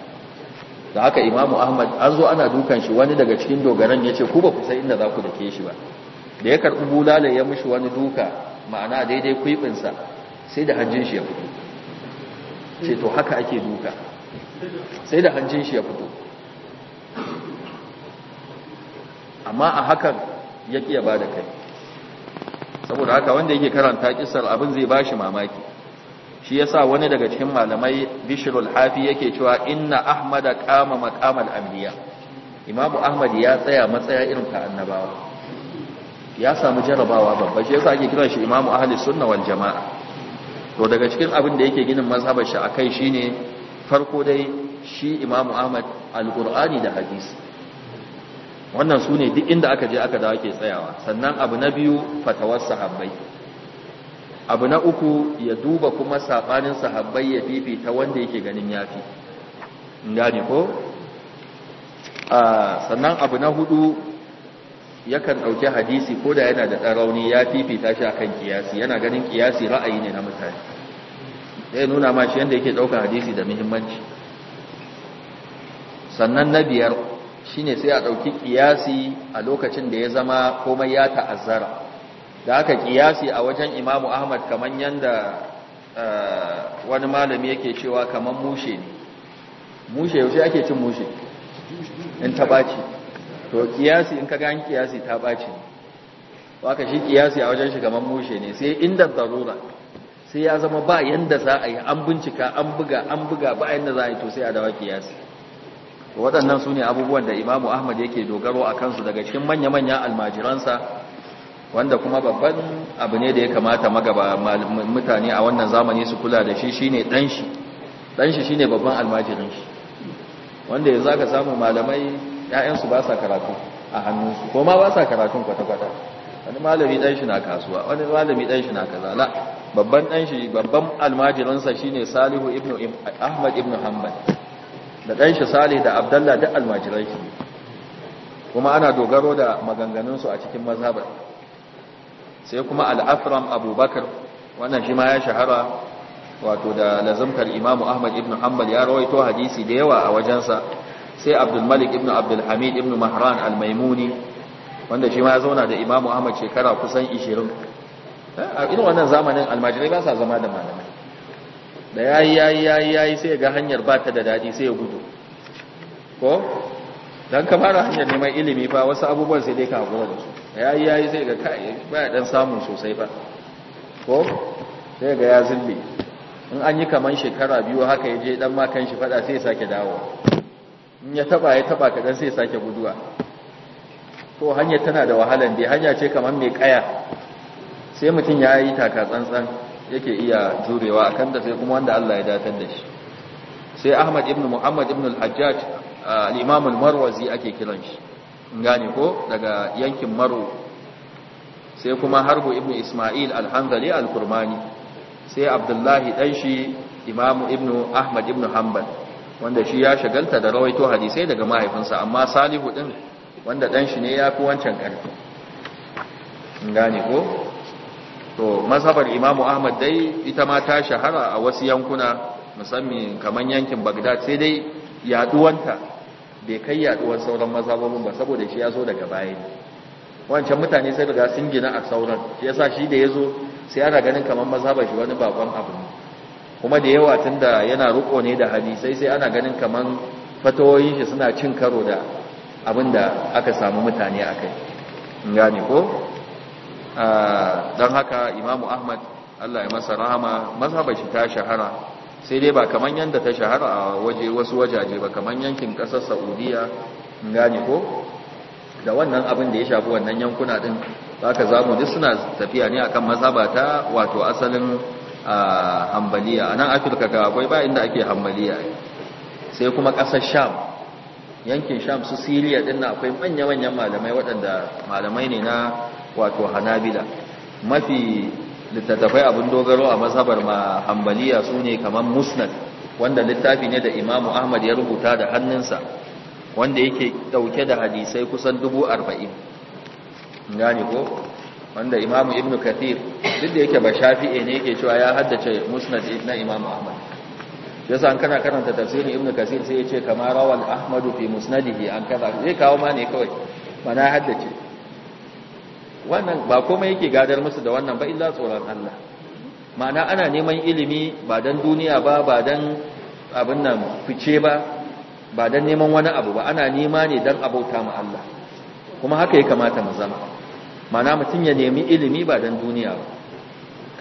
da haka imamu ahmad an zo ana dukan shi wani daga cikin dogaran ya ce ku ba ku sai inda za ku dake shi ba da ya karɓi bulala ya mushi wani duka ma'ana daidai kwiɓinsa sai da hanjin shi ya fito ce to haka ake duka sai da hanjin shi ya fito amma a hakan ya ƙiya ba da kai saboda haka wanda yake karanta kisar abin zai bashi mamaki shi yasa wani daga cikin malamai bishrul hafi yake cewa inna ahmada qama maqamal anbiya imamu ahmad ya tsaya matsaya irin ta annabawa ya samu jarabawa babba shi yasa ake kiran shi imamu ahli sunna wal jamaa to daga cikin abin da yake ginin mazhabar shi a akai shine farko dai shi imamu ahmad Alkur'ani da hadisi wannan su ne duk inda aka je aka dawo ke tsayawa sannan abu na biyu fatawar sahabbai abu na uku ya duba kuma saɓanin sahabbai ya fifita wanda yake ganin ya fi gani ko sannan abu na hudu yakan ɗauki hadisi ko da yana da ɗarauni ya fifita shi akan kiyasi yana ganin kiyasi ra'ayi ne na mutane zai nuna ma shi yadda yake ɗaukar hadisi da muhimmanci sannan na biyar Shi ne sai a ɗauki ƙiyasi a lokacin da ya zama komai ya ta'azzara da haka ƙiyasi a wajen imamu ahmad kamar yadda eh, wani malami yake cewa kamar mushe ne mushe yaushe ake cin mushe in ta ɓaci to ƙiyasi in ka gani ƙiyasi ta ɓaci ne ka shi ƙiyasi a wajen shi kamar mushe ne sai inda zarura sai ya zama ba yadda za a yi an bincika an buga an buga ba yadda za a yi to sai a dawa ƙiyasi waɗannan su ne abubuwan da imamu ahmad yake dogaro a kansu daga cikin manya-manya almajiransa wanda kuma babban abu ne da ya kamata magaba mutane a wannan zamani su kula da shi shine ɗanshi ɗanshi shine babban almajirin shi wanda ya zaka samu malamai 'ya'yansu ba sa karatu a hannunsu ko ma ba sa karatun kwata-kwata wani malami ɗanshi na kasuwa wani malami ɗanshi na kazala babban ɗanshi babban almajirinsa shine salihu ibnu ahmad ibnu hanbal da ɗanshi shi salih da abdallah duk almajirai shi kuma ana dogaro da maganganunsu a cikin mazhabar sai kuma al'afram abubakar wannan shi ma ya shahara wato da lazimtar imamu ahmad ibn hanbal ya rawaito hadisi da yawa a wajensa sai abdulmalik ibn abdulhamid ibn mahran al-maimuni wanda shi ma ya zauna da imamu ahmad shekara kusan 20 eh, a irin wannan zamanin almajirai ba sa zama da malamai da ya ya yi yi ya yi ya yi sai ga hanyar ba ta da dadi sai ya gudu ko don ka fara hanyar neman ilimi fa wasu abubuwan sai dai ka haƙura da su da ya yi ya yi sai ga kai ba ya dan samun sosai ba ko sai ga ya zille in an yi kaman shekara biyu haka ya je dan makan shi fada sai ya sake dawo in ya taba ya taba kadan sai ya sake guduwa to hanyar tana da wahalan dai hanya ce kaman mai kaya sai mutum ya yi taka tsantsan yake iya jurewa a kanta sai kuma wanda Allah ya datar da shi sai Ahmad ibn Muhammad ibn al-Hajjaj al-Imam al-Marwazi ake kiran shi gane ko daga yankin Maru sai kuma Harbu ibn Isma'il al-Hanzali al-Kurmani sai Abdullahi dan shi Imam ibn Ahmad ibn Hanbal wanda shi ya shagalta da rawaito hadisai daga mahaifinsa amma Salihu din wanda dan shi ne ya fi wancan karfi gane ko to mazhabar imamu ahmad dai ita ma ta shahara a wasu yankuna musamman kaman yankin bagdad sai dai yaduwanta bai kai yaduwar sauran mazhabobin ba saboda shi ya zo daga baya wancan mutane sai daga sun gina a sauran yasa shi da ya zo sai ana ganin kamar mazhabar shi wani bakon abu ne. kuma da yawa tunda yana riko ne da hadisai sai ana ganin kaman fatawoyin shi suna cin karo da abin da aka samu mutane a kai gane ko Ah, don haka imamu ahmad allah ya masa rahama mazhabar shi ta shahara sai dai ba kamar yadda ta shahara a waje wasu wajaje ba kamar yankin kasar saudiya gani ko da wannan abin da ya shafi wannan yankuna din ka zamu duk suna tafiya ne akan mazhaba ta wato asalin ah, hambaliya a nan afirka ga akwai ba inda ake hambaliya sai kuma kasar sham yankin sham su siriya din akwai manya-manyan malamai waɗanda malamai ne na wato hanabila mafi littattafai abin dogaro a mazhabar ma hambaliya su ne kamar musnad wanda littafi ne da imamu ahmad ya rubuta da hannunsa wanda yake dauke da hadisai kusan dubu arba'in gani ko wanda imamu ibn kathir duk da yake ba shafi'e ne yake cewa ya haddace musnad na imamu ahmad yasa an kana karanta tafsirin ibn kathir sai ya ce kamar rawal ahmadu fi musnadihi an kaza zai kawo ma ne kawai mana haddace wannan ba komai yake gadar musu da wannan ba illa tsoron Allah ma'ana ana neman ilimi ba dan duniya ba ba dan abin nan fice ba ba dan neman wani abu ba ana nema ne dan abauta ma Allah kuma haka ya kamata mu zama ma'ana mutum ya nemi ilimi ba dan duniya ba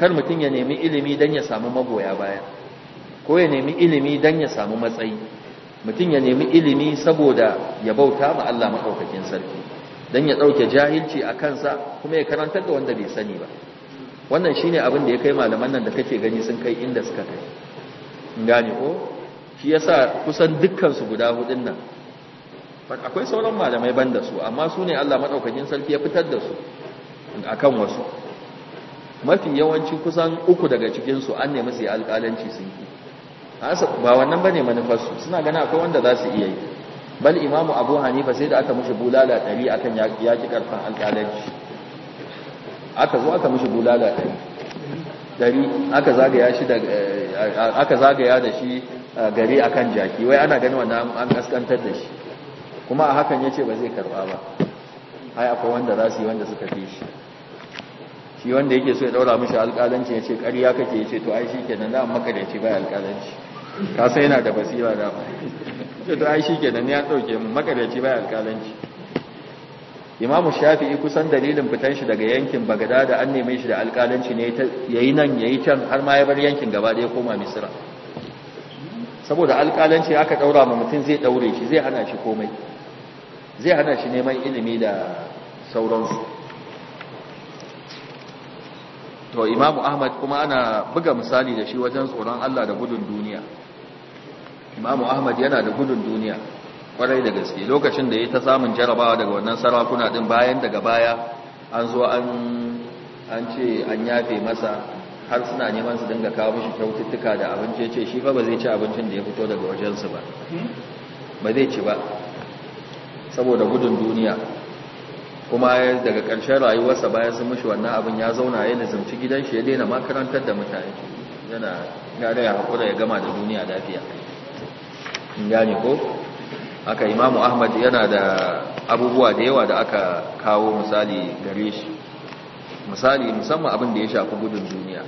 kar mutum ya nemi ilimi dan ya samu magoya baya ko ya nemi ilimi dan ya samu matsayi mutum ya nemi ilimi saboda ya bauta ma Allah maɗaukakin sarki don ya ɗauke jahilci a kansa kuma ya karantar da wanda bai sani ba wannan shi ne abin da ya kai malaman nan da kake gani sun kai inda suka kai gane ko shi ya sa kusan dukkansu guda hudun nan akwai sauran malamai ban da su amma su ne allah maɗaukakin sarki ya fitar da su akan wasu mafi yawanci kusan uku daga cikinsu an nemi su yi alƙalanci sun yi ba wannan ba ne manufarsu suna gana akwai wanda za su iya yi bal imamu abu hanifa sai da aka mushi bulala ɗari akan yaƙi ƙarfin alƙalanci aka zo aka mushi bulala ɗari ɗari aka zagaya shi da eh, aka zagaya da shi eh, gari akan jaki wai ana gani wannan an kaskantar da shi kuma a hakan yace ba zai karba ba ai akwai wanda za su yi wanda suka fi shi shi wanda yake so ya daura mishi alƙalanci yace ƙarya kake yace to ai shikenan da maka da shi bai alƙalanci ka sai yana da basira da ba. ce to ai nan ya dauke mu makaryaci bai alƙalanci imamu shafi'i kusan dalilin fitan shi daga yankin bagada da an neme shi da alƙalanci ne yayi nan yayi can har ma ya bar yankin gaba da ya koma misira saboda alƙalanci aka daura ma mutum zai daure shi zai hana shi komai zai hana shi neman ilimi da sauransu to imamu ahmad kuma ana buga misali da shi wajen tsoron Allah da gudun duniya imamu ahmad yana da gudun duniya kwarai da gaske lokacin da ya ta samun jarabawa daga wannan sarakuna din bayan daga baya an zo an ce an yafe masa har suna neman su dinga kawo mishi kyaututtuka da abinci ya ce shi fa ba zai ci abincin da ya fito daga wajensu ba ba zai ci ba saboda gudun duniya kuma daga ƙarshen rayuwarsa bayan sun mishi wannan abin ya zauna ya nizamci gidan shi ya daina makarantar da mutane yana ya haƙura ya gama da duniya lafiya in gane ko haka imamu ahmad yana da abubuwa da yawa da aka kawo misali gare shi misali musamman abin da ya shafi gudun duniya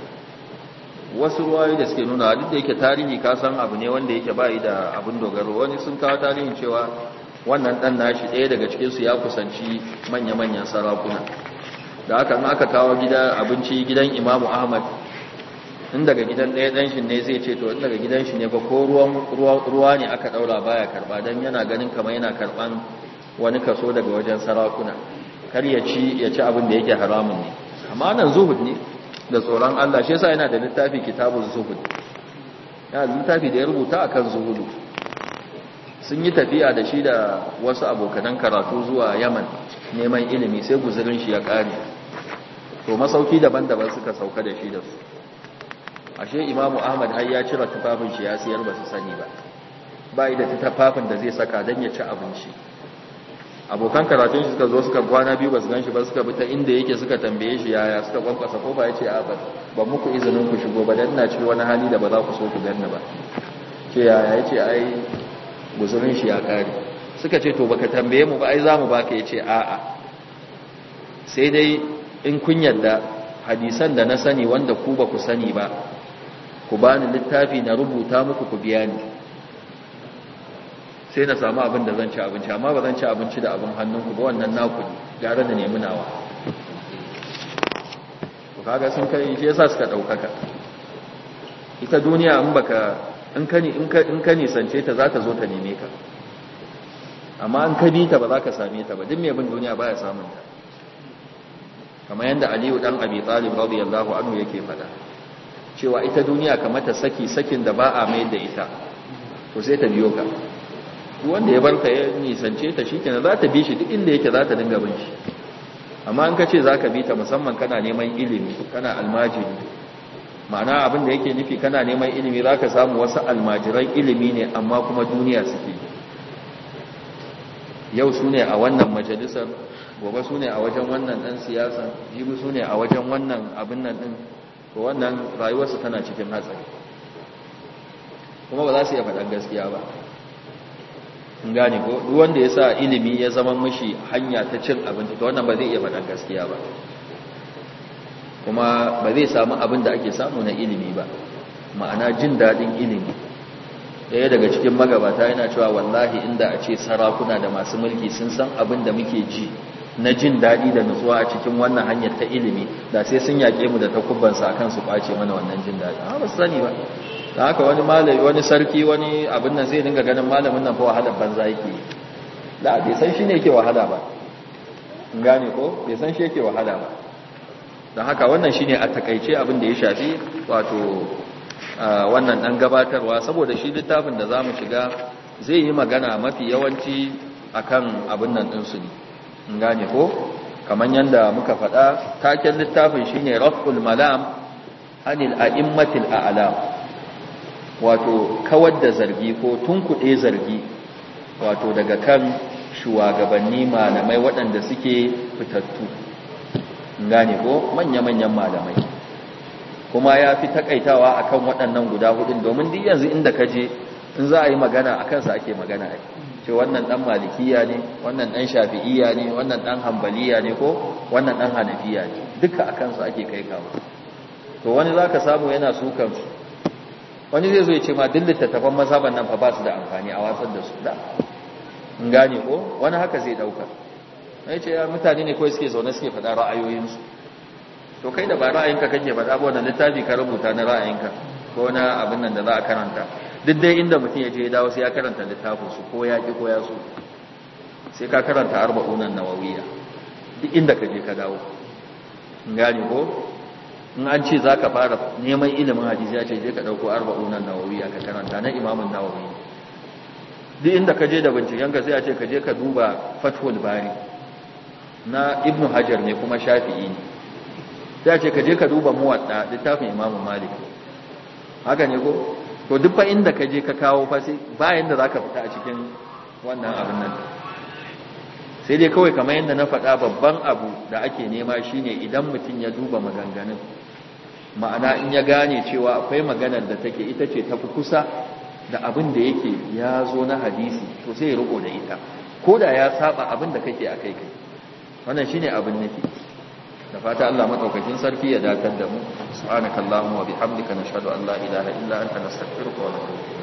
wasu ruwayoyi da suke nuna duk da yake tarihi ka san abu ne wanda yake bayi da abin dogaro wani sun kawo tarihin cewa wannan dan nashi ɗaya daga cikinsu ya kusanci manya-manyan sarakuna da haka aka kawo gida abinci gidan imamu ahmad in daga gidan ɗaya ɗan ne zai ce to in daga gidan shi ne ba ko ruwa ne aka ɗaura baya karɓa don yana ganin kama yana karɓan wani kaso daga wajen sarakuna kar ya ci ya ci abin da yake haramun ne amma nan zuhud ne da tsoron Allah shi yasa yana da littafi kitabun zuhud ya littafi da ya rubuta a kan zuhudu sun yi tafiya da shi da wasu abokanan karatu zuwa Yaman neman ilimi sai guzurin shi ya kare to masauki daban-daban suka sauka da shi da su ashe imamu ahmad har ya cire tufafin shi ya siyar ba su sani ba ba yi da tufafin da zai saka don ya ci abinci abokan karatun shi suka zo suka kwana biyu ba su gan shi ba suka bi ta inda yake suka tambaye shi yaya suka kwankwasa ko ba ya ce a ba muku izinin ku shigo ba don na cikin wani hali da ba za ku so ku ganni ba ke yaya ya ce ai guzurin shi ya kare suka ce to baka tambaye mu ba ai za mu baka ya ce a'a sai dai in kun yarda hadisan da na sani wanda ku ba ku sani ba ku bani littafi na rubuta muku ku biya ni sai na samu abin da zan ci abinci amma ba zan ci abinci da abin hannunku ba wannan naku gara da nemi nawa ku kaga sun kai shi yasa suka daukaka ita duniya in baka in ka ni in ka sance ta za ta zo ta neme ka amma in ka bi ta ba za ka same ta ba duk mai bin duniya baya samun ta kamar yadda Aliyu dan Abi Talib radiyallahu anhu yake fada cewa ita duniya kamar ta saki sakin da ba a mai da ita to sai ta biyo ka wanda ya barka ya nisance ta shi? kenan za ta bi shi duk inda yake za ta dinga bin shi amma an ka ce za ka bi ta musamman kana neman ilimi kana almajiri ma'ana abin da yake nufi kana neman ilimi za ka samu wasu almajiran ilimi ne amma kuma duniya suke yau su ne a wannan majalisar gobe su ne a wajen wannan ɗan siyasa jibi su ne a wajen wannan abin nan ɗin ko wannan rayuwarsa tana cikin hatsari kuma ba za su iya faɗan gaskiya ba in gane ko wanda ya sa ilimi ya zama mishi hanya ta cin abinci to wannan ba zai iya faɗan gaskiya ba kuma ba zai samu abin da ake samu na ilimi ba ma'ana jin daɗin ilimi ɗaya daga cikin magabata yana cewa wallahi inda a ce sarakuna da masu mulki sun san abin da muke ji na jin daɗi da nutsuwa a cikin wannan hanyar ta ilimi da sai sun yaƙe mu da takubbansa a kan su ƙwace mana wannan jin daɗi a ba su sani ba da haka wani malami wani sarki wani abin nan zai dinga ganin malamin nan fa wahalar banza yake da bai san shi ne yake wahala ba gane ko bai san shi yake wahala ba da haka wannan shine a takaice abin da ya shafi wato wannan dan gabatarwa saboda shi littafin da zamu shiga zai yi magana mafi yawanci akan abin nan ɗinsu ne in gane ko kamar yadda muka faɗa taken littafin shine raf'ul malam anil a'immatil a'lam wato kawar da zargi ko tunkuɗe zargi wato daga kan shugabanni malamai waɗanda suke fitattu gane ko manya-manyan malamai kuma ya fi takaitawa akan waɗannan guda hudun domin duk yanzu inda ka je in za a yi magana a kansa ake magana ake ce wannan ɗan malikiya ne wannan ɗan shafi'iya ne wannan ɗan hambaliya ne ko wannan ɗan hanafiya ne duka a kansu ake kai kawo to wani za ka samu yana sukan su wani zai zo ya ce ma duk littattafan mazhaban nan fa ba su da amfani a watsar da su da in gane ko wani haka zai dauka yi ce ya mutane ne kawai suke zaune suke faɗa ra'ayoyinsu to kai da ba ra'ayinka kake faɗa ba wannan littafi ka rubuta na ra'ayinka ko na abin nan da za a karanta duk dai inda mutum ya je ya dawo sai ya karanta littafin su ko ya ki ko ya so sai ka karanta arba'unan nawawiya duk inda ka je ka dawo in ko in an ce za ka fara neman ilimin hadisi ya ce je ka ɗauko arba'unan nawawiya ka karanta na imamun nawawi duk inda ka je da binciken ka sai a ce ka je ka duba fathul bari na ibnu hajar ne kuma shafi'i ne sai a ce ka je ka duba muwatta littafin imamun malik haka ne ko to duk fa inda ka je ka kawo fa sai ba yanda zaka fita a cikin wannan abin nan sai dai kawai kamar yanda na faɗa babban abu da ake nema shine idan mutum ya duba maganganun ma'ana in ya gane cewa akwai maganar da take ita ce tafi kusa da abin da yake ya zo na hadisi to sai ya riko da ita ko da ya saba abin da kake a kai kai wannan shine abin nufi da fata Allah madaukakin sarki ya dakar da mu subhanakallahumma wa bihamdika nashhadu an allah ilaha na anta nastaghfiruka